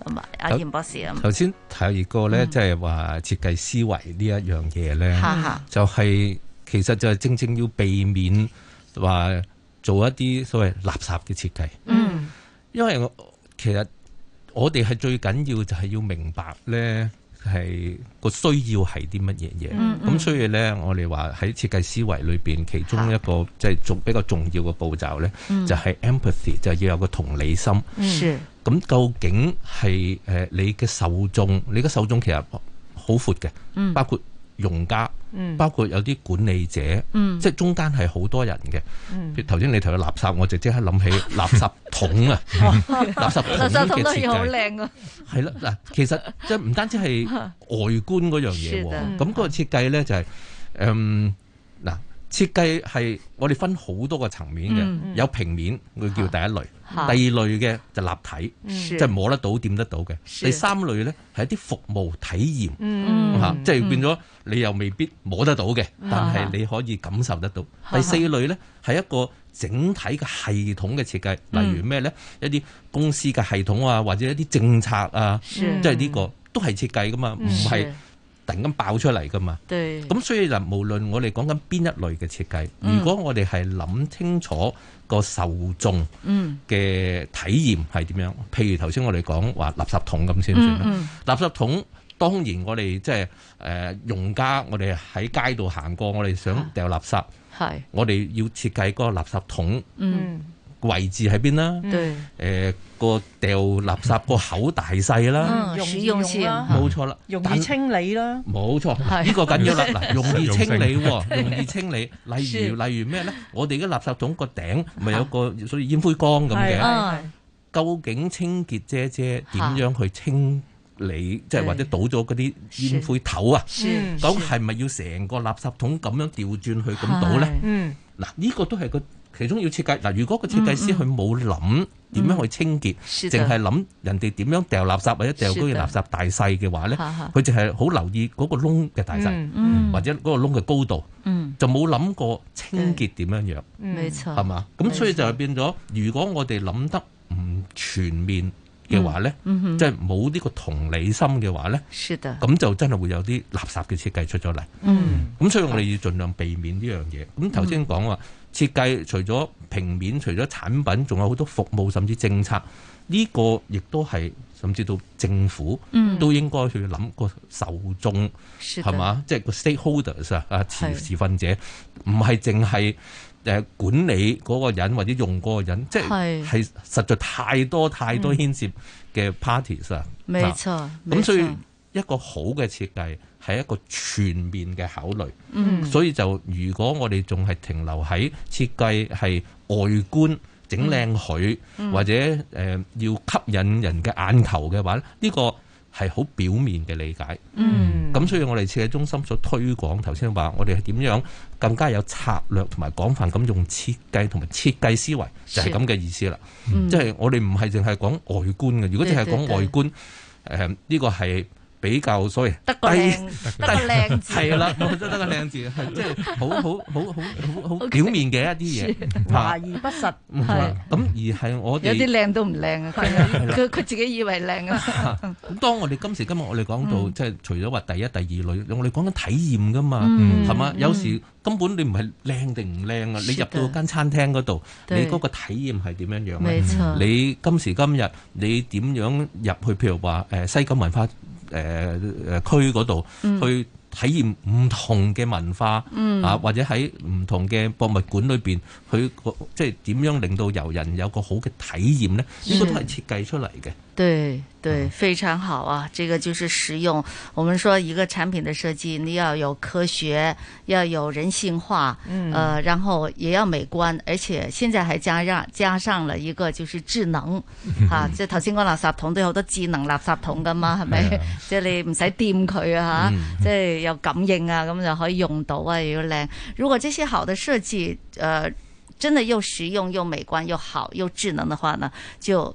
同埋阿嚴博士啊，頭先提二個咧，即係話設計思維呢一樣嘢咧，就係、是、其實就係正正要避免話做一啲所謂垃圾嘅設計。嗯，因為我其實我哋係最緊要就係要明白咧。係個需要係啲乜嘢嘢？咁、嗯嗯、所以咧，我哋話喺設計思維裏邊其中一個即係仲比較重要嘅步驟咧、嗯，就係 empathy，就係要有個同理心。咁、嗯、究竟係誒你嘅受眾，你嘅受眾其實好闊嘅，嗯、包括。用家，包括有啲管理者，嗯、即係中間係好多人嘅。譬如頭先、嗯、你提到垃圾，我就即刻諗起垃圾桶啊！ 哇垃圾桶嘅設計好靚啊，係啦，嗱，其實即係唔單止係外觀嗰樣嘢喎。咁嗰、嗯、個設計咧就係、誒，嗯，嗱，設計係我哋分好多個層面嘅，有平面，我叫第一類。嗯嗯第二類嘅就立體，即係摸得到、掂得到嘅。第三類呢，係一啲服務體驗，吓，即係變咗你又未必摸得到嘅，但係你可以感受得到。第四類呢，係一個整體嘅系統嘅設計，例如咩呢？一啲公司嘅系統啊，或者一啲政策啊，即係呢個都係設計噶嘛，唔係突然間爆出嚟噶嘛。咁所以就無論我哋講緊邊一類嘅設計，如果我哋係諗清楚。個受眾嘅體驗係點樣？嗯、譬如頭先我哋講話垃圾桶咁先算。嗯嗯、垃圾桶當然我哋即係誒用家，我哋喺街度行過，我哋想掉垃圾，啊、我哋要設計個垃圾桶。嗯嗯位置喺邊啦，誒個掉垃圾個口大細啦，使用先，冇錯啦，容易清理啦，冇錯，呢個緊要啦，嗱，容易清理，容易清理，例如例如咩咧？我哋嘅垃圾桶個頂咪有個，所以煙灰缸咁嘅，究竟清潔姐姐點樣去清理，即係或者倒咗嗰啲煙灰頭啊？咁係咪要成個垃圾桶咁樣調轉去咁倒咧？嗱，呢個都係個。其中要設計嗱，如果個設計師佢冇諗點樣去清潔，淨係諗人哋點樣掉垃圾或者掉高嘅垃圾大細嘅話咧，佢淨係好留意嗰個窿嘅大細，或者嗰個窿嘅高度，就冇諗過清潔點樣樣，係嘛？咁所以就變咗，如果我哋諗得唔全面嘅話咧，即係冇呢個同理心嘅話咧，咁就真係會有啲垃圾嘅設計出咗嚟。咁所以我哋要盡量避免呢樣嘢。咁頭先講話。設計除咗平面，除咗產品，仲有好多服務，甚至政策，呢個亦都係甚至到政府都應該去諗個、嗯、受眾係嘛的？即係個 stakeholders 啊的，持持份者，唔係淨係誒管理嗰個人或者用嗰個人，是的即係係實在太多太多牽涉嘅 parties、嗯、啊！冇錯，咁所以一個好嘅設計，係一個全面嘅考慮，嗯、所以就如果我哋仲係停留喺設計係外觀整靚佢，嗯嗯、或者誒要吸引人嘅眼球嘅話呢、呢個係好表面嘅理解。咁、嗯、所以我哋設計中心所推廣，頭先話我哋係點樣更加有策略同埋廣泛咁用設計同埋設計思維，就係咁嘅意思啦。即係、嗯、我哋唔係淨係講外觀嘅，如果淨係講外觀，誒呢、呃呢個係。比較所以，得個靚得個靚字係啦，得個靚字即係好好好好好好表面嘅一啲嘢，華而不實係咁，而係我哋有啲靚都唔靚啊！佢佢自己以為靚啊！咁當我哋今時今日我哋講到即係除咗話第一第二類，我哋講緊體驗噶嘛，係嘛？有時根本你唔係靚定唔靚啊！你入到間餐廳嗰度，你嗰個體驗係點樣樣？你今時今日你點樣入去？譬如話誒西九文化。誒誒、呃、區嗰度去體驗唔同嘅文化，嗯、啊或者喺唔同嘅博物館裏邊，去即係點樣令到遊人有個好嘅體驗呢？應該都係設計出嚟嘅。對對，非常好啊！這個就是實用。我們說一個產品的設計，你要有科學，要有人性化，嗯、呃，然後也要美觀，而且現在還加上加上了一個就是智能 啊。即係頭先講個垃圾桶都有好多智能垃圾桶㗎嘛，係咪？ 即係你唔使掂佢啊，吓、嗯，即係有感應啊，咁就可以用到啊，又要靚。如果這些好的設計，呃，真的又實用又美觀又好又智能的話呢，就。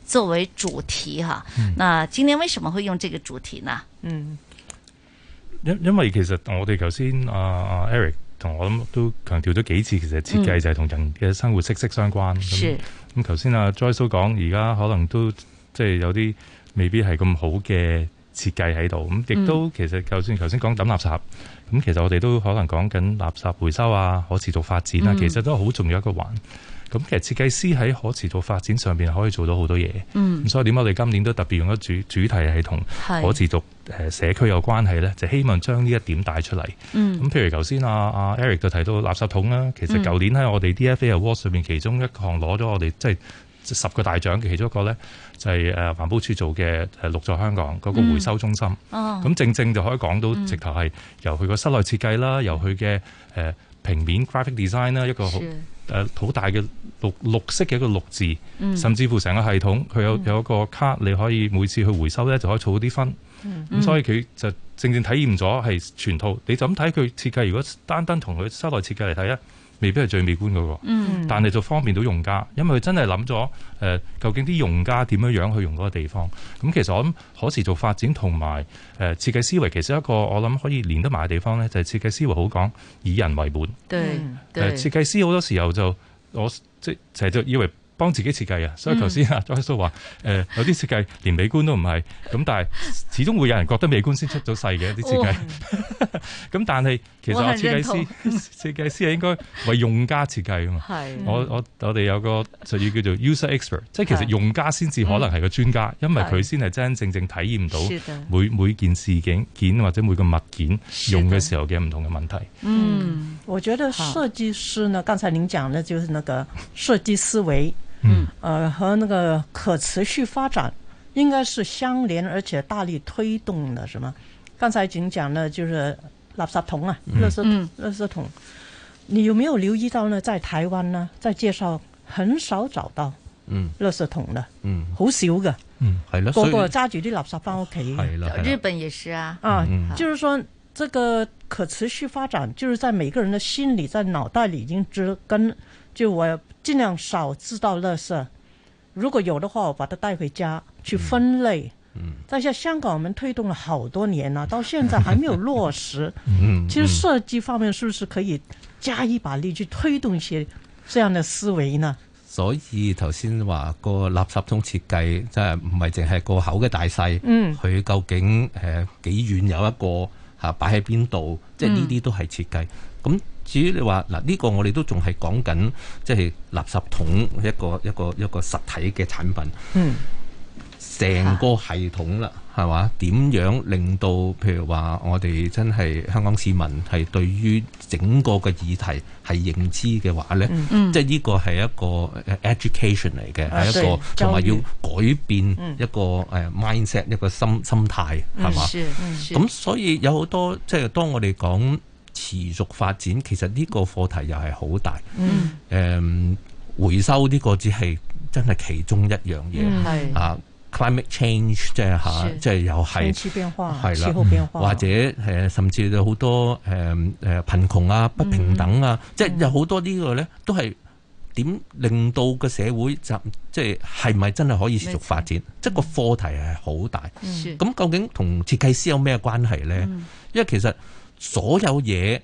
作為主題哈，那今年為什麼會用這個主題呢？嗯，因因為其實我哋頭先啊 Eric 同我咁都強調咗幾次，其實設計就係同人嘅生活息息相關。嗯嗯、是咁頭先啊 Joyce 講，而家可能都即係有啲未必係咁好嘅設計喺度，咁亦都、嗯、其實就算頭先講抌垃圾，咁其實我哋都可能講緊垃圾回收啊，可持續發展啊，嗯、其實都好重要一個環。咁其實設計師喺可持續發展上面可以做到好多嘢，咁、嗯、所以點解我哋今年都特別用咗主主題係同可持續社區有關係咧？是就希望將呢一點帶出嚟。咁、嗯、譬如頭先阿阿 Eric 就提到垃圾桶啦，嗯、其實舊年喺我哋 DFA Awards 上面其中一項攞咗我哋即係十個大獎嘅其中一個咧，就係誒環保署做嘅綠在香港嗰個回收中心。咁、嗯啊、正正就可以講到直頭係由佢個室內設計啦，嗯、由佢嘅平面 graphic design 啦一個好。誒好、啊、大嘅綠綠色嘅一個綠字，嗯、甚至乎成個系統佢有有一個卡，嗯、你可以每次去回收呢，就可以儲到啲分。咁、嗯嗯、所以佢就正正體驗咗係全套。你就咁睇佢設計，如果單單同佢室內設計嚟睇咧。未必係最美觀嗰個，嗯、但係就方便到用家，因為佢真係諗咗誒，究竟啲用家點樣樣去用嗰個地方？咁、嗯、其實我諗，可持續發展同埋誒設計思維，其實一個我諗可以連得埋嘅地方咧，就係、是、設計思維好講以人為本。對，誒設計師好多時候就我即係就以為幫自己設計啊，所以頭先阿 Josh 話誒有啲設計連美觀都唔係，咁但係始終會有人覺得美觀先出咗世嘅一啲設計，咁、哦、 但係。其實我設計師， 設計師係應該為用家設計啊嘛。 的嗯、我我我哋有個術語叫做 user expert，即係其實用家先至可能係個專家，的嗯、因為佢先係真真正正體驗到每是的 每件事件件或者每個物件用嘅時候嘅唔同嘅問題。的嗯，嗯、我覺得設計師呢，剛才您講呢，就是那個設計思維，嗯，嗯，呃，和那個可持續發展應該是相連，而且大力推動嘅。係咪？剛才您講呢，就是。垃圾桶啊，嗯、垃圾桶，嗯、垃圾桶，你有冇留意到呢？在台灣呢，在介紹很少找到，嗯，垃圾桶的嗯，好少嘅，嗯，係咯，個個揸住啲垃圾翻屋企，係啦，日本也是，是啊，是是啊，嗯、好就是說，這個可持續發展就是在每個人的心裏、在腦袋裏已經植根，就我盡量少製造垃圾，如果有的話，我把它帶回家去分類。嗯嗯，但係香港，我們推動了好多年啦，到現在還沒有落實。 嗯，嗯其實設計方面是不是可以加一把力去推動一些這樣的思維呢？所以頭先話個垃圾桶設計，即係唔係淨係個口嘅大細，嗯，佢究竟誒幾遠有一個吓擺喺邊度，即係呢啲都係設計。咁、嗯、至於你話嗱呢個我們，我哋都仲係講緊即係垃圾桶一個一個一個，一個實體嘅產品。嗯。成個系統啦，係嘛？點樣令到譬如話，我哋真係香港市民係對於整個嘅議題係認知嘅話呢，嗯嗯、即係呢個係一個 education 嚟嘅，係對一個同埋要改變一個誒 mindset、嗯、一個心心態係嘛？咁、嗯嗯、所以有好多即係當我哋講持續發展，其實呢個課題又係好大。誒、嗯嗯、回收呢個只係真係其中一樣嘢、嗯、啊！climate change 是即係吓，即係又係，係啦，氣候變化、嗯、或者誒，甚至有好多誒誒、嗯、貧窮啊、不平等啊，即係、嗯、有好多個呢個咧，都係點令到個社會就即係係咪真係可以持續發展？即係個課題係好大。咁、嗯、究竟同設計師有咩關係咧？嗯、因為其實所有嘢。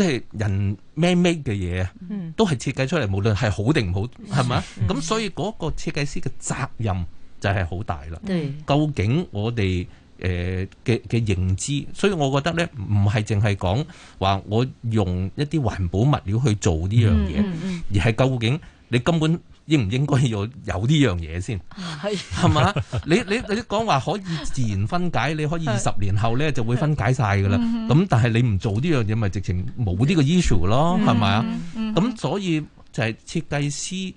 即係人咩咩嘅嘢啊，都係設計出嚟，無論係好定唔好，係咪？咁所以嗰個設計師嘅責任就係好大啦。究竟我哋誒嘅嘅認知，所以我覺得呢，唔係淨係講話我用一啲環保物料去做呢樣嘢，而係究竟你根本。應唔應該要有呢樣嘢先？係，係嘛？你你你講話可以自然分解，你可以二十年後咧就會分解晒噶啦。咁 但係你唔做呢樣嘢，咪直情冇呢個 issue 咯？係咪啊？咁所以就係設計師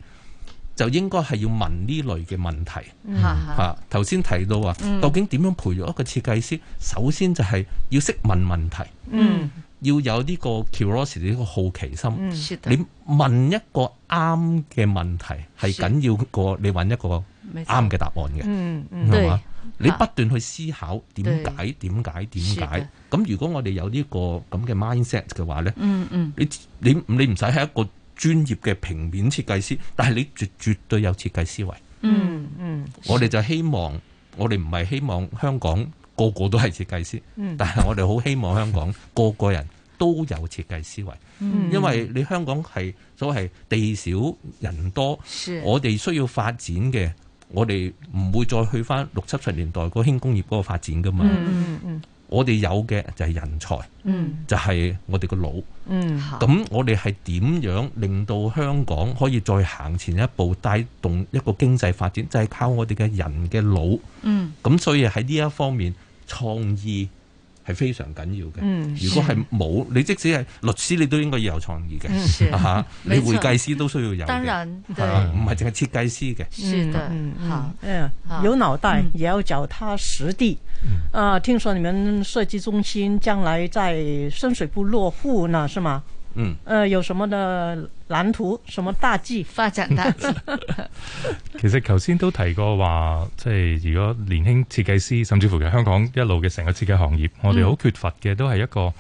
就應該係要問呢類嘅問題。嚇嚇，頭先提到啊，究竟點樣培育一個設計師？首先就係要識問問題。嗯。 要有呢個 curiosity，呢個好奇心，你問一個啱嘅問題係緊要過你搵一個啱嘅答案嘅，係嘛？你不斷去思考點解？點解？點解？咁如果我哋有呢個咁嘅 mindset 嘅話咧，你你你唔使係一個專業嘅平面設計師，但係你絕絕對有設計思維。嗯嗯，我哋就希望我哋唔係希望香港，個個都係設計師，但係我哋好希望香港個個人都有設計思維，因為你香港係所謂地少人多，是我哋需要發展嘅，我哋唔會再去翻六七十年代嗰輕工業嗰個發展噶嘛。嗯嗯、我哋有嘅就係人才，嗯、就係我哋個腦。咁、嗯、我哋係點樣令到香港可以再行前一步，帶動一個經濟發展，就係、是、靠我哋嘅人嘅腦。咁、嗯、所以喺呢一方面。創意係非常緊要嘅，嗯、是如果係冇你，即使係律師，你都應該要有創意嘅，吓你會計師都需要有的，當然係唔係淨係設計師嘅，是的，好，好有腦袋也要腳踏實地。嗯、啊，聽說你們設計中心將來在深水埗落戶呢，是嗎？嗯，誒、呃，有什麼的藍圖？什麼大計發展大計？ 其實頭先都提過話，即係如果年輕設計師，甚至乎嘅香港一路嘅成個設計行業，我哋好缺乏嘅都係一個，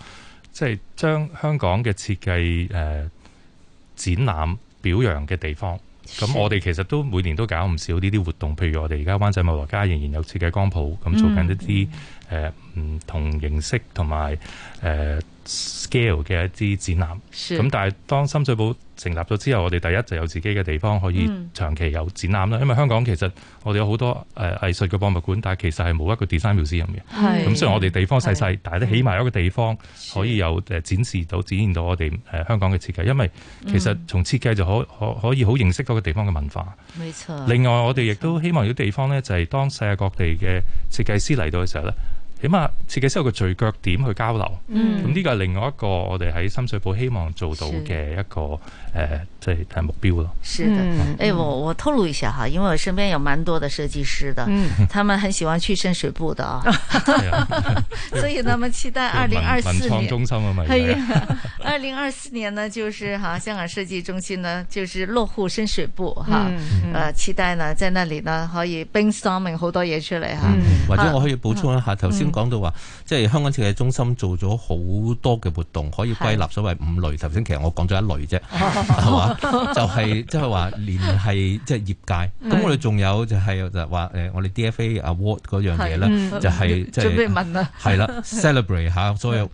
即係、嗯、將香港嘅設計誒、呃、展覽表揚嘅地方。咁是我哋其實都每年都搞唔少呢啲活動，譬如我哋而家灣仔茂蘿街仍然有設計光譜，咁做緊一啲誒唔同形式同埋誒。Scale 嘅一啲展覽，咁是但係當深水埗成立咗之後，我哋第一就有自己嘅地方可以長期有展覽啦。嗯、因為香港其實我哋有好多誒藝術嘅博物館，但係其實係冇一個 design museum 嘅。咁雖然我哋地方細細，是但係都起碼有一個地方可以有展示到、是展現到我哋香港嘅設計。因為其實從設計就可、嗯、可以好認識到個地方嘅文化。錯另外我哋亦都希望有啲地方呢，就係當世界各地嘅設計師嚟到嘅時候呢。點啊，設計師有個聚腳點去交流，嗯，咁呢個係另外一個我哋喺深水埗希望做到嘅一個。誒，即係目標咯。是的，誒，我我透露一下哈，因為我身邊有蠻多的設計師的，他們很喜歡去深水埗的啊，所以他們期待二零二四年。文創中心嘅物件。二零二四年呢，就是哈，香港設計中心呢，就是落戶深水埗哈，誒，期待呢，在那裏呢，可以 bring something 好多嘢出嚟哈。或者我可以補充一下，頭先講到話，即係香港設計中心做咗好多嘅活動，可以歸納所謂五類。頭先其實我講咗一類啫。係嘛？ 就係即係話聯繫即係業界。咁是我哋仲有就係就話誒、就是，我哋 DFA Award 嗰樣嘢咧，就係即係準備問啦。係啦，celebrate 下是所有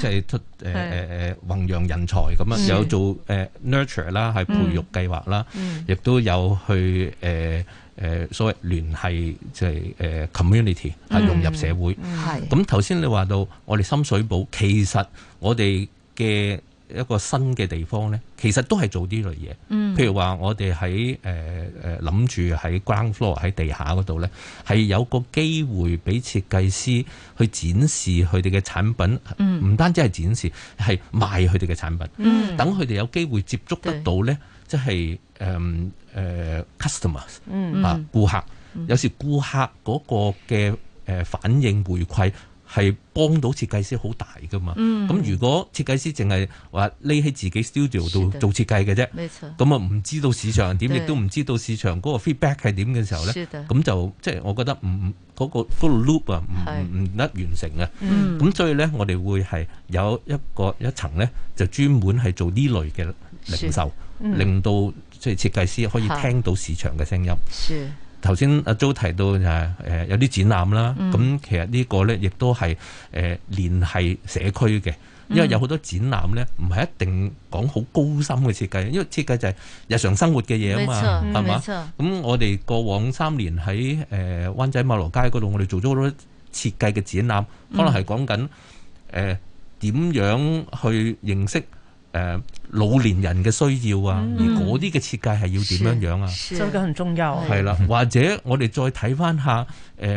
即係出誒誒誒弘揚人才咁樣，是有做誒 nurture 啦，係、呃、培育計劃啦，亦、嗯、都有去誒誒、呃、所謂聯繫即係誒 community，係融入社會。係咁頭先你話到我哋深水埗，其實我哋嘅。一個新嘅地方咧，其實都係做呢類嘢，嗯、譬如話我哋喺誒誒諗住喺 ground floor 喺地下嗰度咧，係有個機會俾設計師去展示佢哋嘅產品，唔、嗯、單止係展示，係賣佢哋嘅產品，等佢哋有機會接觸得到咧，對即係誒誒 customers 啊顧、嗯、客，嗯、有時顧客嗰個嘅誒反應回饋。係幫到設計師好大噶嘛？咁、嗯、如果設計師淨係話匿喺自己 studio 度做設計嘅啫，咁啊唔知道市場點，亦都唔知道市場嗰個 feedback 係點嘅時候呢，咁的就即係、就是、我覺得唔唔嗰個嗰、那個 loop 啊唔唔得完成啊。咁、嗯、所以呢，我哋會係有一個一層呢，就專門係做呢類嘅零售，令到即係設計師可以聽到市場嘅聲音。頭先阿 Jo 提到誒誒有啲展覽啦，咁、嗯、其實呢個咧亦都係誒聯繫社區嘅，嗯、因為有好多展覽咧唔係一定講好高深嘅設計，因為設計就係日常生活嘅嘢啊嘛，係嘛？咁我哋過往三年喺誒、呃、灣仔馬羅街嗰度，我哋做咗好多設計嘅展覽，可能係講緊誒點樣去認識誒。呃老年人嘅需要啊，嗯、而嗰啲嘅設計係要點樣樣啊？真嘅很重要。係啦，或者我哋再睇翻下，誒、呃，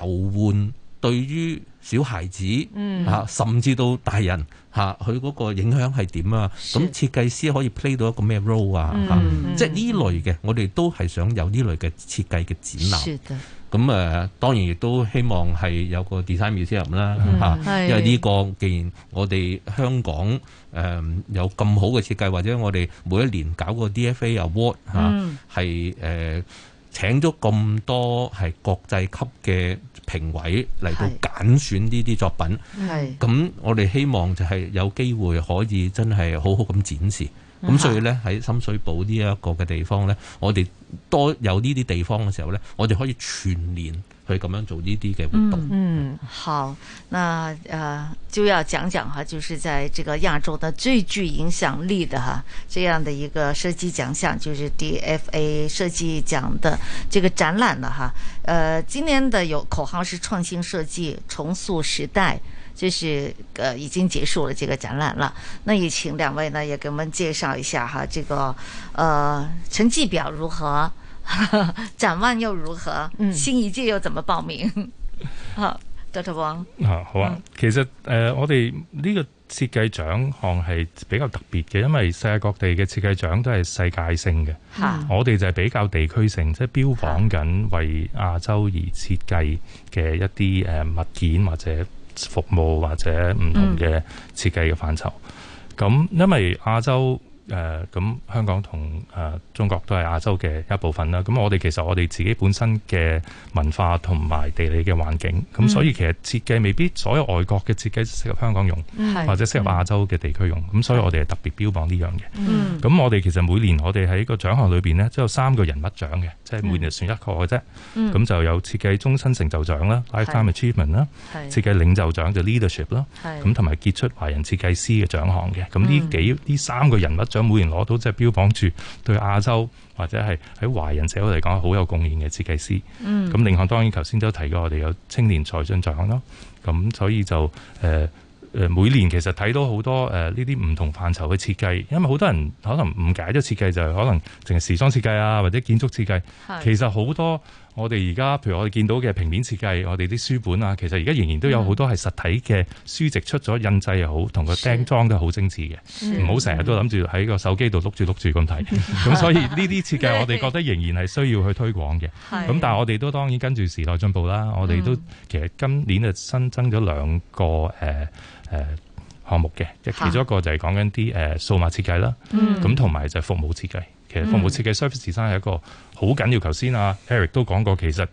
遊玩對於小孩子嗯，吓，甚至到大人吓，佢、啊、嗰個影響係點啊？咁設計師可以 play 到一個咩 role、嗯、啊？嚇、嗯，即係呢類嘅，我哋都係想有呢類嘅設計嘅展覽。咁誒，當然亦都希望係有個 design 意識入啦，因為呢、呢個既然我哋香港誒、呃、有咁好嘅設計，或者我哋每一年搞個 DFA Award 嚇、啊，係誒、呃、請咗咁多係國際級嘅評委嚟到揀選呢啲作品，咁我哋希望就係有機會可以真係好好咁展示。咁所以咧喺深水埗呢一個嘅地方咧，我哋多有呢啲地方嘅時候咧，我哋可以全年去咁樣做呢啲嘅活動嗯。嗯，好，那呃就要講講哈，就是在這個亞洲的最具影響力的哈、啊、這樣的一個設計獎項，就是 DFA 設計獎的這個展覽了哈。呃、啊，今年的有口號是創新設計重塑時代。就是，呃，已經結束了這個展覽了。那也請兩位呢，也給我們介紹一下哈，這個，呃，成績表如何？呵呵展望又如何？嗯，新一屆又怎麼報名？嗯、啊 Doctor 王好啊。嗯、其實，誒、呃，我哋呢個設計獎項係比較特別嘅，因為世界各地嘅設計獎都係世界性嘅。嗯、我哋就係比較地區性，即係標榜緊為亞洲而設計嘅一啲誒、呃、物件或者。服務或者唔同嘅設計嘅範疇，咁、嗯、因為亞洲。誒，咁、呃、香港同誒、呃、中國都係亞洲嘅一部分啦。咁我哋其實我哋自己本身嘅文化同埋地理嘅環境，咁所以其實設計未必所有外國嘅設計適合香港用，是或者適合亞洲嘅地區用。咁是、嗯、所以我哋係特別標榜呢樣嘅。咁、嗯、我哋其實每年我哋喺個獎項裏邊呢，都有三個人物獎嘅，即係每年選一個嘅啫。咁、嗯、就有設計終身成就獎啦，Lifetime Achievement 啦，是設計領袖獎就 Leadership 是啦，咁同埋傑出華人設計師嘅獎項嘅。咁呢幾呢、嗯、三個人物獎、嗯。每年攞到即係標榜住對亞洲或者係喺華人社會嚟講好有貢獻嘅設計師。咁另外當然頭先都提過，我哋有青年才俊獎咯。咁所以就誒誒、呃呃、每年其實睇到好多誒呢啲唔同範疇嘅設計，因為好多人可能誤解咗設計，就係、是、可能淨係時裝設計啊，或者建築設計，其實好多。我哋而家，譬如我哋見到嘅平面設計，我哋啲書本啊，其實而家仍然都有好多係實體嘅書籍出咗印製又好，同個釘裝都好精緻嘅。唔好成日都諗住喺個手機度碌住碌住咁睇。咁的 所以呢啲的設計我哋覺得仍然係需要去推廣嘅。咁的但係我哋都當然跟住時代進步啦。我哋都、嗯、其實今年就新增咗兩個誒誒、呃呃、項目嘅，即係其中一個就係講緊啲誒數碼設計啦。咁同埋就係服務設計。其實服務設計 service design 係一個好緊要，頭先啊 Eric 都講過，其實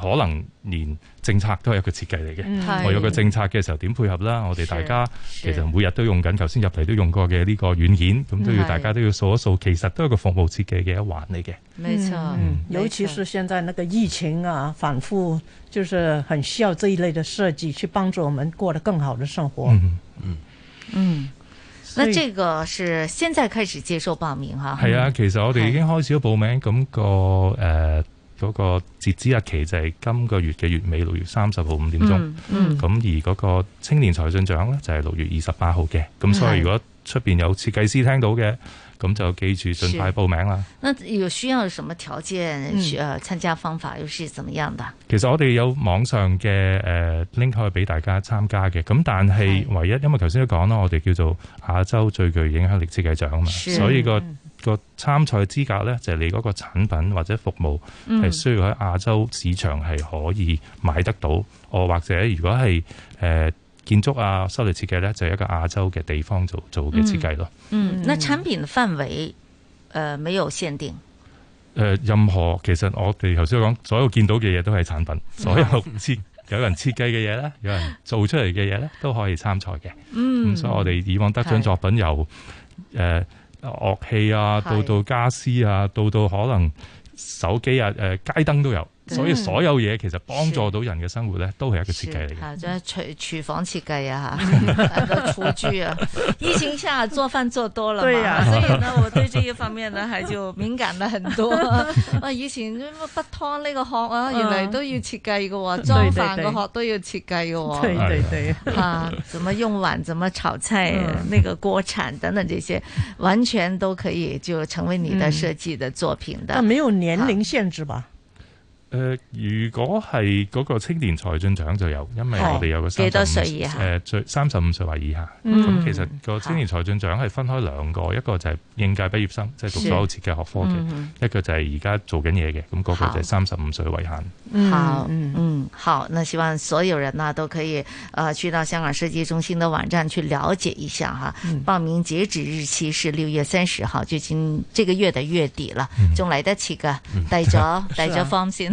可能連政策都係一個設計嚟嘅。嗯、我有個政策嘅時候點配合啦？是我哋大家其實每日都用緊，頭先入嚟都用過嘅呢個軟件，咁、嗯、都要大家都要掃一掃，其實都係個服務設計嘅一環嚟嘅。沒錯，尤其是現在那個疫情啊，反復，就是很需要這一類的設計去幫助我們過得更好的生活。嗯嗯。嗯嗯那這個是現在開始接受報名哈，係啊，嗯、其實我哋已經開始咗報名，咁、那個誒嗰、呃那個截止日期就係今個月嘅月尾六月三十號五點鐘，咁、嗯嗯、而嗰個青年才俊獎呢，就係六月二十八號嘅，咁所以如果出邊有設計師聽到嘅。咁就記住，儘快報名啦。有需要什麼條件？去參加方法、嗯、又是怎麼樣的？其實我哋有網上嘅 link 可以俾大家參加嘅。咁但係唯一，是因為頭先都講啦，我哋叫做亞洲最具影響力設計獎啊嘛。是所以、那個個、嗯、參賽資格呢，就係你嗰個產品或者服務係需要喺亞洲市場係可以買得到。嗯、或者如果係建築啊，室內設計呢，就係、一個亞洲嘅地方做做嘅設計咯嗯。嗯，那產品嘅範圍，誒、呃，沒有限定。誒、呃，任何其實我哋頭先講，所有見到嘅嘢都係產品， 所有有有人設計嘅嘢呢， 有人做出嚟嘅嘢呢，都可以參賽嘅。嗯，咁、嗯、所以我哋以往得獎作品由誒的、呃、樂器啊，到到家私啊，的到到可能手機啊，誒、呃、街燈都有。所以所有嘢其實幫助到人嘅生活咧，都係一個設計嚟嘅。啊，即係廚廚房設計啊，吓，廚具啊。疫情下做飯做多了嘛，所以呢，我對這一方面呢，還就敏感了很多。啊，以前不乜煲湯呢個殼啊，原來都要設計嘅喎，裝飯個殼都要設計嘅喎。對對對。啊，怎麼用碗，怎麼炒菜，那個鍋鏟等等這些，完全都可以就成為你的設計的作品的。那沒有年齡限制吧？誒，如果係嗰個青年才俊獎就有，因為我哋有個三十五誒，最三十五歲或以下。咁其實個青年才俊獎係分開兩個，一個就係應屆畢業生，即係讀所有設計學科嘅，一個就係而家做緊嘢嘅。咁嗰個就係三十五歲為限。好，嗯，好。那希望所有人呢都可以，誒，去到香港設計中心的網站去了解一下哈。報名截止日期是六月三十號，最近這個月的月底啦，仲嚟得切噶，帶咗帶咗方先。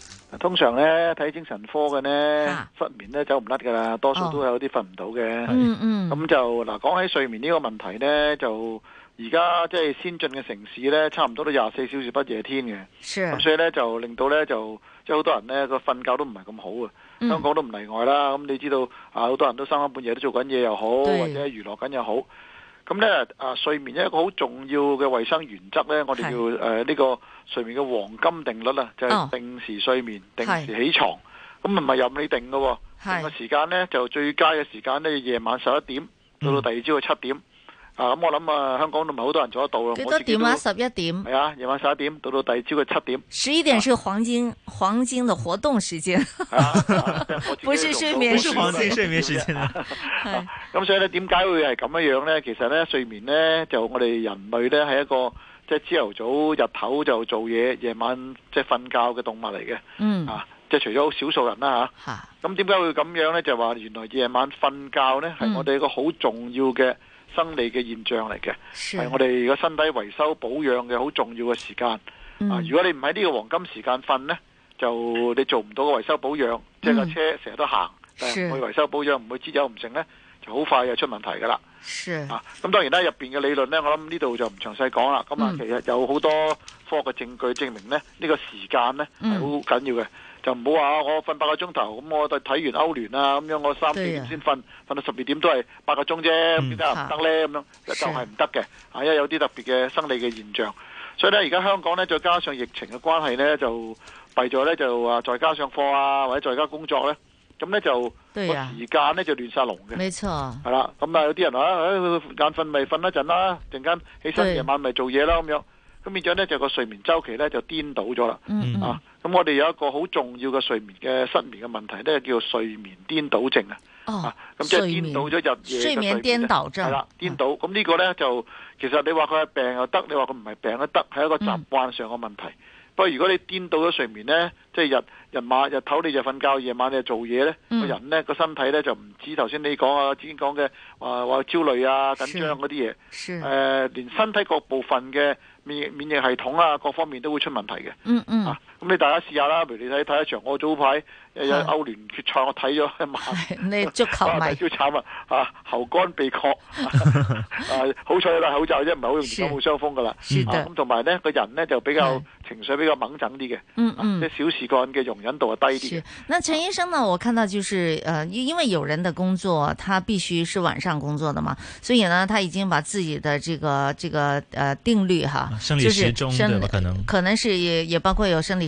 通常咧睇精神科嘅、咧、啊、失眠咧走唔甩噶啦，多數都係有啲瞓唔到嘅。嗯嗯，咁就嗱，講起睡眠呢個問題咧，就而家即係先進嘅城市咧，差唔多都廿四小時不夜天嘅。咁是所以咧就令到咧就即係好多人咧個瞓覺都唔係咁好啊。香港都唔例外啦。咁、嗯、你知道啊，好多人都三更半夜都做緊嘢又好，對或者娛樂緊又好。咁咧啊，睡眠一個好重要嘅衛生原則咧，我哋叫誒呢是、呃這個睡眠嘅黃金定律啦，就係、是、定時睡眠，哦、定時起床。咁唔係任你定噶、哦，定個是時間咧就最佳嘅時間咧，夜晚十一點到到第二朝嘅七點。嗯啊，咁我諗啊，香港都唔係好多人做得到咯。幾多點啊？十一點。係啊，夜晚十一點到到第二朝嘅七點。十一點是黃金黃金嘅活動時間，啊，不是睡眠不是黃金睡眠時間。咁所以咧，點解會係咁樣樣咧？其實咧，睡眠咧就我哋人類咧係一個即係朝頭早日頭就做嘢，夜晚即係瞓覺嘅動物嚟嘅。嗯啊，即係除咗少數人啦吓。吓。咁點解會咁樣咧？就話原來夜晚瞓覺咧係我哋一個好重要嘅。生理嘅現象嚟嘅，係是我哋個身體維修保養嘅好重要嘅時間。啊、嗯，如果你唔喺呢個黃金時間瞓呢，就你做唔到維修保養，即係個車成日都行，是但係唔會維修保養，唔會滋油唔成呢，就好快又出問題噶啦。是啊，咁當然啦，入邊嘅理論呢，我諗呢度就唔詳細講啦。咁啊，其實有好多科學嘅證據證明呢，呢、呢個時間呢係好緊要嘅。嗯嗯就唔好話我瞓八個鐘頭，咁我睇睇完歐聯啊，咁樣我三點先瞓，瞓到十二點都係八個鐘啫，點解唔得咧？咁樣就係唔得嘅，啊，因為有啲特別嘅生理嘅現象。所以咧，而家香港咧，再加上疫情嘅關係咧，就弊咗咧，就話再加上課啊，或者再加上工作咧，咁咧就個時間咧就亂晒龍嘅。冇錯。係啦，咁啊有啲人啊，眼瞓咪瞓一陣啦，陣間起身夜晚咪做嘢啦，咁樣。咁變咗咧就個、是、睡眠周期咧就顛倒咗啦。嗯嗯啊，咁我哋有一個好重要嘅睡眠嘅失眠嘅問題咧，叫做睡眠顛倒症、哦、啊。哦，咁即係顛倒咗日夜嘅睡眠。睡眠睡眠顛倒症係啦，顛倒。咁、啊嗯、呢個咧就其實你話佢係病又得，你話佢唔係病又得，係一個習慣上嘅問題。嗯、不過如果你顛倒咗睡眠咧，即、就、係、是、日日晚日頭你就瞓覺，夜晚你就做嘢咧，個、嗯、人咧個身體咧就唔止頭先你講啊，之前講嘅話話焦慮啊、緊張嗰啲嘢，是誒、呃，連身體各部分嘅。免免疫系統啊，各方面都會出問題嘅。嗯嗯。咁你大家試下啦，譬如你睇睇一場，我早排有歐聯決賽，我睇咗一晚。你足球咪超慘啊！啊喉乾鼻渴， 啊好彩啦口罩啫，唔係好容易感冒是傷風噶啦。咁同埋呢個人呢，就比較情緒比較猛，整啲嘅，嗯即、啊就是、小事幹嘅容忍度係低啲。是。那陳醫生呢？我看到就是、呃，因為有人的工作，他必須是晚上工作的嘛，所以呢，他已經把自己的這個這個，呃，定律哈，就是、生理時鐘，可能可能是也也包括有生理。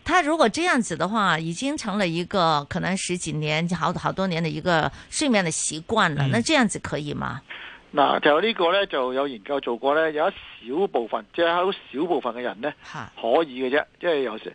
他如果這樣子的話，已經成了一個可能十幾年、好好多年的一個睡眠的習慣了。嗯、那這樣子可以嗎？那、啊、就呢個呢，就有研究做過呢，有一小部分，即係好小部分嘅人呢，哈可以嘅啫。即、就、係、是、有時，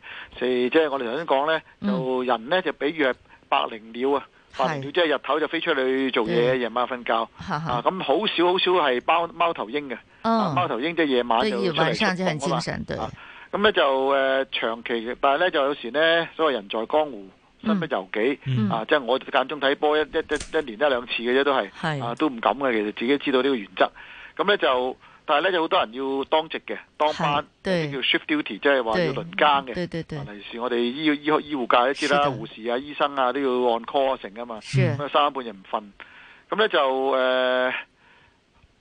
即係我哋頭先講呢，嗯、就人呢，就比如百靈鳥啊，百靈鳥即係日頭就飛出去做嘢，對夜晚瞓覺咁好哈、啊、少好少係貓貓頭鷹嘅，貓、哦啊、頭鷹即係夜晚晚上就很精神，對。啊咁咧就誒、呃、長期嘅，但係咧就有時咧，所謂人在江湖身不由己啊！即、就、係、是、我間中睇波一一一一年一兩次嘅啫，都係是啊，都唔敢嘅。其實自己知道呢個原則。咁咧就，但係咧就好多人要當值嘅，當班呢叫 shift duty，即係話要輪更嘅。對，對尤其是我哋醫醫醫護界都知啦，的護士啊、醫生啊都要 on call、啊、成嘅嘛，的嗯、三更半夜唔瞓。咁咧就誒、呃，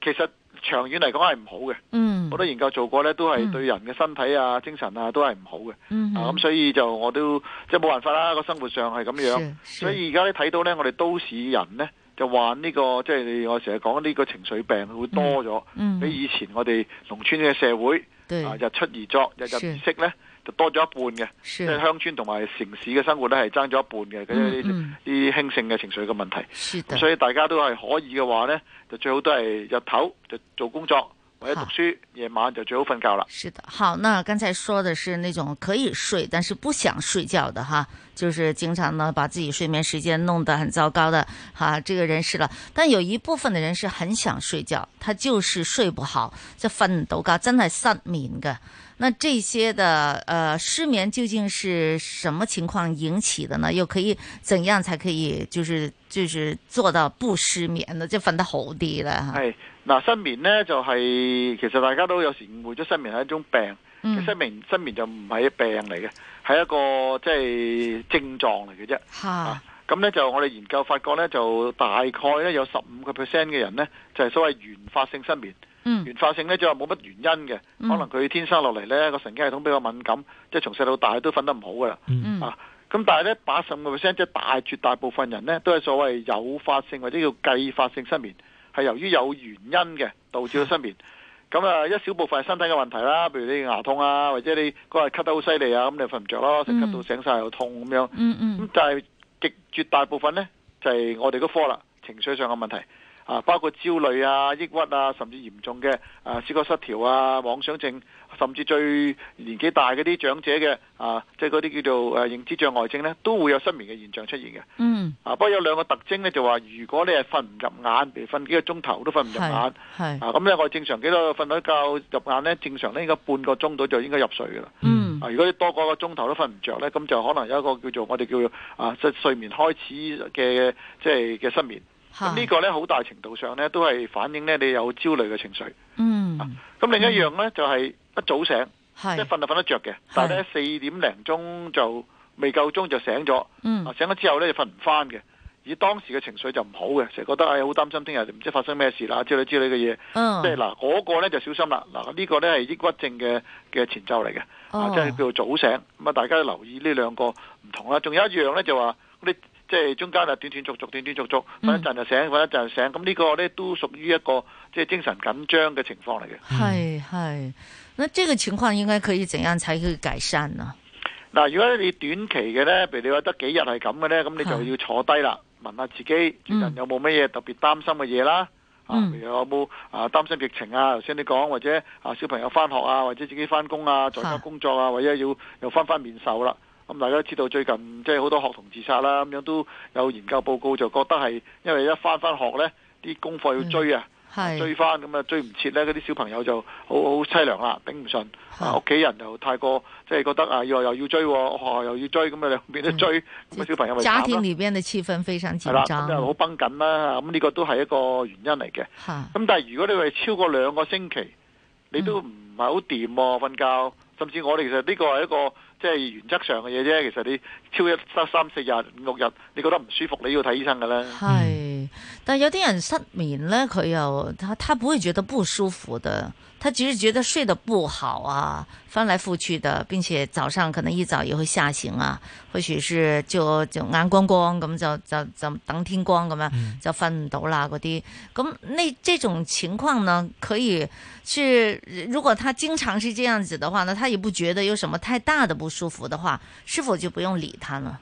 其實。長遠嚟講係唔好嘅，好、嗯、多研究做過咧，都係對人嘅身體啊、嗯、精神啊都係唔好嘅。咁、嗯哼啊、所以就我都即係冇辦法啦，個生活上係咁樣。所以而家咧睇到咧，我哋都市人咧就患呢、個即係、你、我成日講呢個情緒病會多咗，嗯嗯、比以前我哋農村嘅社會對啊日出而作日入而息咧。就多咗一半嘅，即係鄉村同埋城市嘅生活咧，係爭咗一半嘅嗰啲啲興盛嘅情緒嘅問題。的所以大家都係可以嘅話呢，就最好都係日頭就做工作或者讀書，夜好晚就最好瞓覺啦。是的，好。那剛才說的是那種可以睡，但是不想睡覺的哈，就是經常呢把自己睡眠時間弄得很糟糕的吓，這個人士了。但有一部分的人是很想睡覺，他就是睡不好，即瞓唔到覺，真係失眠嘅。那這些的，呃，失眠究竟是什麼情況引起的呢？又可以怎樣才可以，就是就是做到不失眠呢？即瞓得好啲啦。係嗱，呃、失眠咧就係、是、其實大家都有時誤會咗失眠係一種病。嗯、失眠失眠就唔係病嚟嘅，係一個即係、就是、症狀嚟嘅啫。吓哈。咁咧、啊、就我哋研究發覺咧，就大概咧有十五個 percent 嘅人咧，就係、是、所謂原發性失眠。原發性咧就話冇乜原因嘅，嗯、可能佢天生落嚟咧個神經系統比較敏感，即係從細到大都瞓得唔好噶啦。嗯、啊，咁但係咧八十五個 percent 即係大絕大部分人咧都係所謂有發性或者叫繼發性失眠，係由於有原因嘅導致咗失眠。咁啊、嗯，一小部分係身體嘅問題啦，譬如你牙痛啊，或者你嗰日咳得好犀利啊，咁你瞓唔着咯，成咳到醒晒又痛咁、嗯、樣。咁、嗯、但係極絕大部分咧就係、是、我哋個科啦，情緒上嘅問題。啊，包括焦慮啊、抑鬱啊，甚至嚴重嘅啊，思覺失調啊、妄想症，甚至最年紀大嗰啲長者嘅啊，即係嗰啲叫做誒、啊、認知障礙症咧，都會有失眠嘅現象出現嘅。嗯。啊，不過有兩個特徵咧，就話如果你係瞓唔入眼，譬如瞓幾個鐘頭都瞓唔入眼。係。啊，咁、嗯、咧、嗯啊、我正常幾多瞓到覺入眼咧，正常咧應該半個鐘到就應該入睡噶啦。嗯。啊，如果你多過個鐘頭都瞓唔着咧，咁就可能有一個叫做我哋叫做啊，睡眠開始嘅即係嘅失眠。個呢個咧好大程度上咧都係反映咧你有焦慮嘅情緒。嗯。咁、啊、另一樣咧、嗯、就係一早醒，是即係瞓就瞓得着嘅，是但係咧四點零鐘就未夠鐘就醒咗、嗯啊。醒咗之後咧就瞓唔翻嘅，而當時嘅情緒就唔好嘅，成日覺得唉好、哎、擔心聽日唔知發生咩事啦，之類之類嘅嘢。即係嗱，嗰、就是那個咧就小心啦。嗱、那個，呢個咧係抑鬱症嘅嘅前奏嚟嘅，即係、嗯啊就是、叫做早醒。咁啊，大家留意呢兩個唔同啦。仲有一樣咧就話你。即係中間就斷斷續續，斷斷續續，瞓一陣就醒，瞓、嗯、一陣就醒。咁呢個咧都屬於一個即係、就是、精神緊張嘅情況嚟嘅。係係。嗱，呢個情況應該可以怎樣才可以改善呢？嗱，如果你短期嘅咧，譬如你話得幾日係咁嘅咧，咁你就要坐低啦，問的下自己主人有冇乜嘢特別擔心嘅嘢啦。啊、嗯，有冇啊擔心疫情啊？頭先你講，或者啊小朋友翻學啊，或者自己翻工啊，在家工作啊，的或者要又翻翻面授啦。咁、嗯、大家都知道最近即係好多學童自殺啦，咁樣都有研究報告就覺得係因為一翻翻學呢啲功課要追啊，嗯、追翻咁啊追唔切呢。嗰啲小朋友就好好凄涼啦，頂唔順，屋企是、啊、人又太過即係、就是、覺得啊，又又要追學校又要追，咁啊兩邊都追，咁啊、嗯、小朋友咪慘啦。家庭裏邊嘅氣氛非常緊張。咁就好崩緊啦。咁呢個都係一個原因嚟嘅。咁、嗯、但係如果你係超過兩個星期，你都唔係好掂喎，瞓覺。甚至我哋其實呢個係一個。即係原則上嘅嘢啫，其實你超一三三四日五六日，你覺得唔舒服，你要睇醫生㗎啦。係，但係有啲人失眠咧，佢又他他不會覺得不舒服的。他其實覺得睡得不好啊，翻來覆去的，並且早上可能一早也會嚇醒啊，或許是就就安光光，咁就就就等天光咁樣就瞓唔到啦嗰啲。咁那這種情況呢，可以是如果他經常是這樣子的話呢，那他也不覺得有什麼太大的不舒服的話，是否就不用理他呢？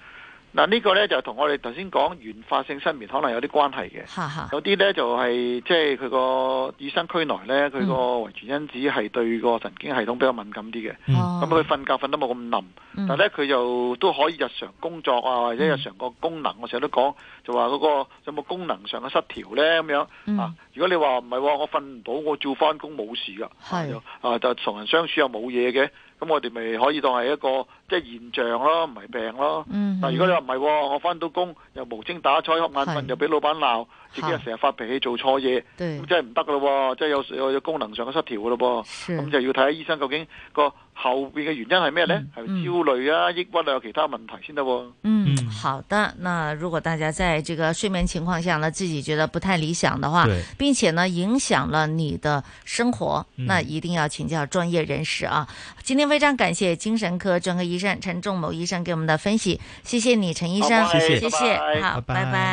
嗱呢個咧就同我哋頭先講原發性失眠可能有啲關係嘅，哈哈有啲咧就係、是、即係佢個以身俱內咧，佢個遺傳因子係對個神經系統比較敏感啲嘅。咁佢瞓覺瞓、哦、得冇咁冧，嗯、但係咧佢又都可以日常工作啊，或者日常個功能，我成日都講就話嗰個有冇功能上嘅失調咧咁樣、嗯、啊。如果你話唔係喎，我瞓唔到，我照返工冇事㗎。係是啊，就同人相處又冇嘢嘅。咁我哋咪可以當係一個即係、就是、現象咯，唔係病咯。嗯、哼但係如果你話唔係，我翻到工又無精打采、瞌眼瞓，是又俾老闆鬧，自己又成日發脾氣做錯嘢，即係唔得噶咯。即係有有功能上嘅失調噶咯噃，咁是就要睇下醫生究竟個。後邊嘅原因係咩呢？係焦慮啊、嗯、抑鬱啊，有、嗯、其他問題先得、啊。嗯，好的。那如果大家在這個睡眠情況下呢，自己覺得不太理想的話，對並且呢影響了你的生活，嗯、那一定要請教專業人士啊。今天非常感謝精神科專科醫生陳仲謀醫生給我們的分析。謝謝你，陳醫生。好拜拜謝謝，謝謝。好，拜拜。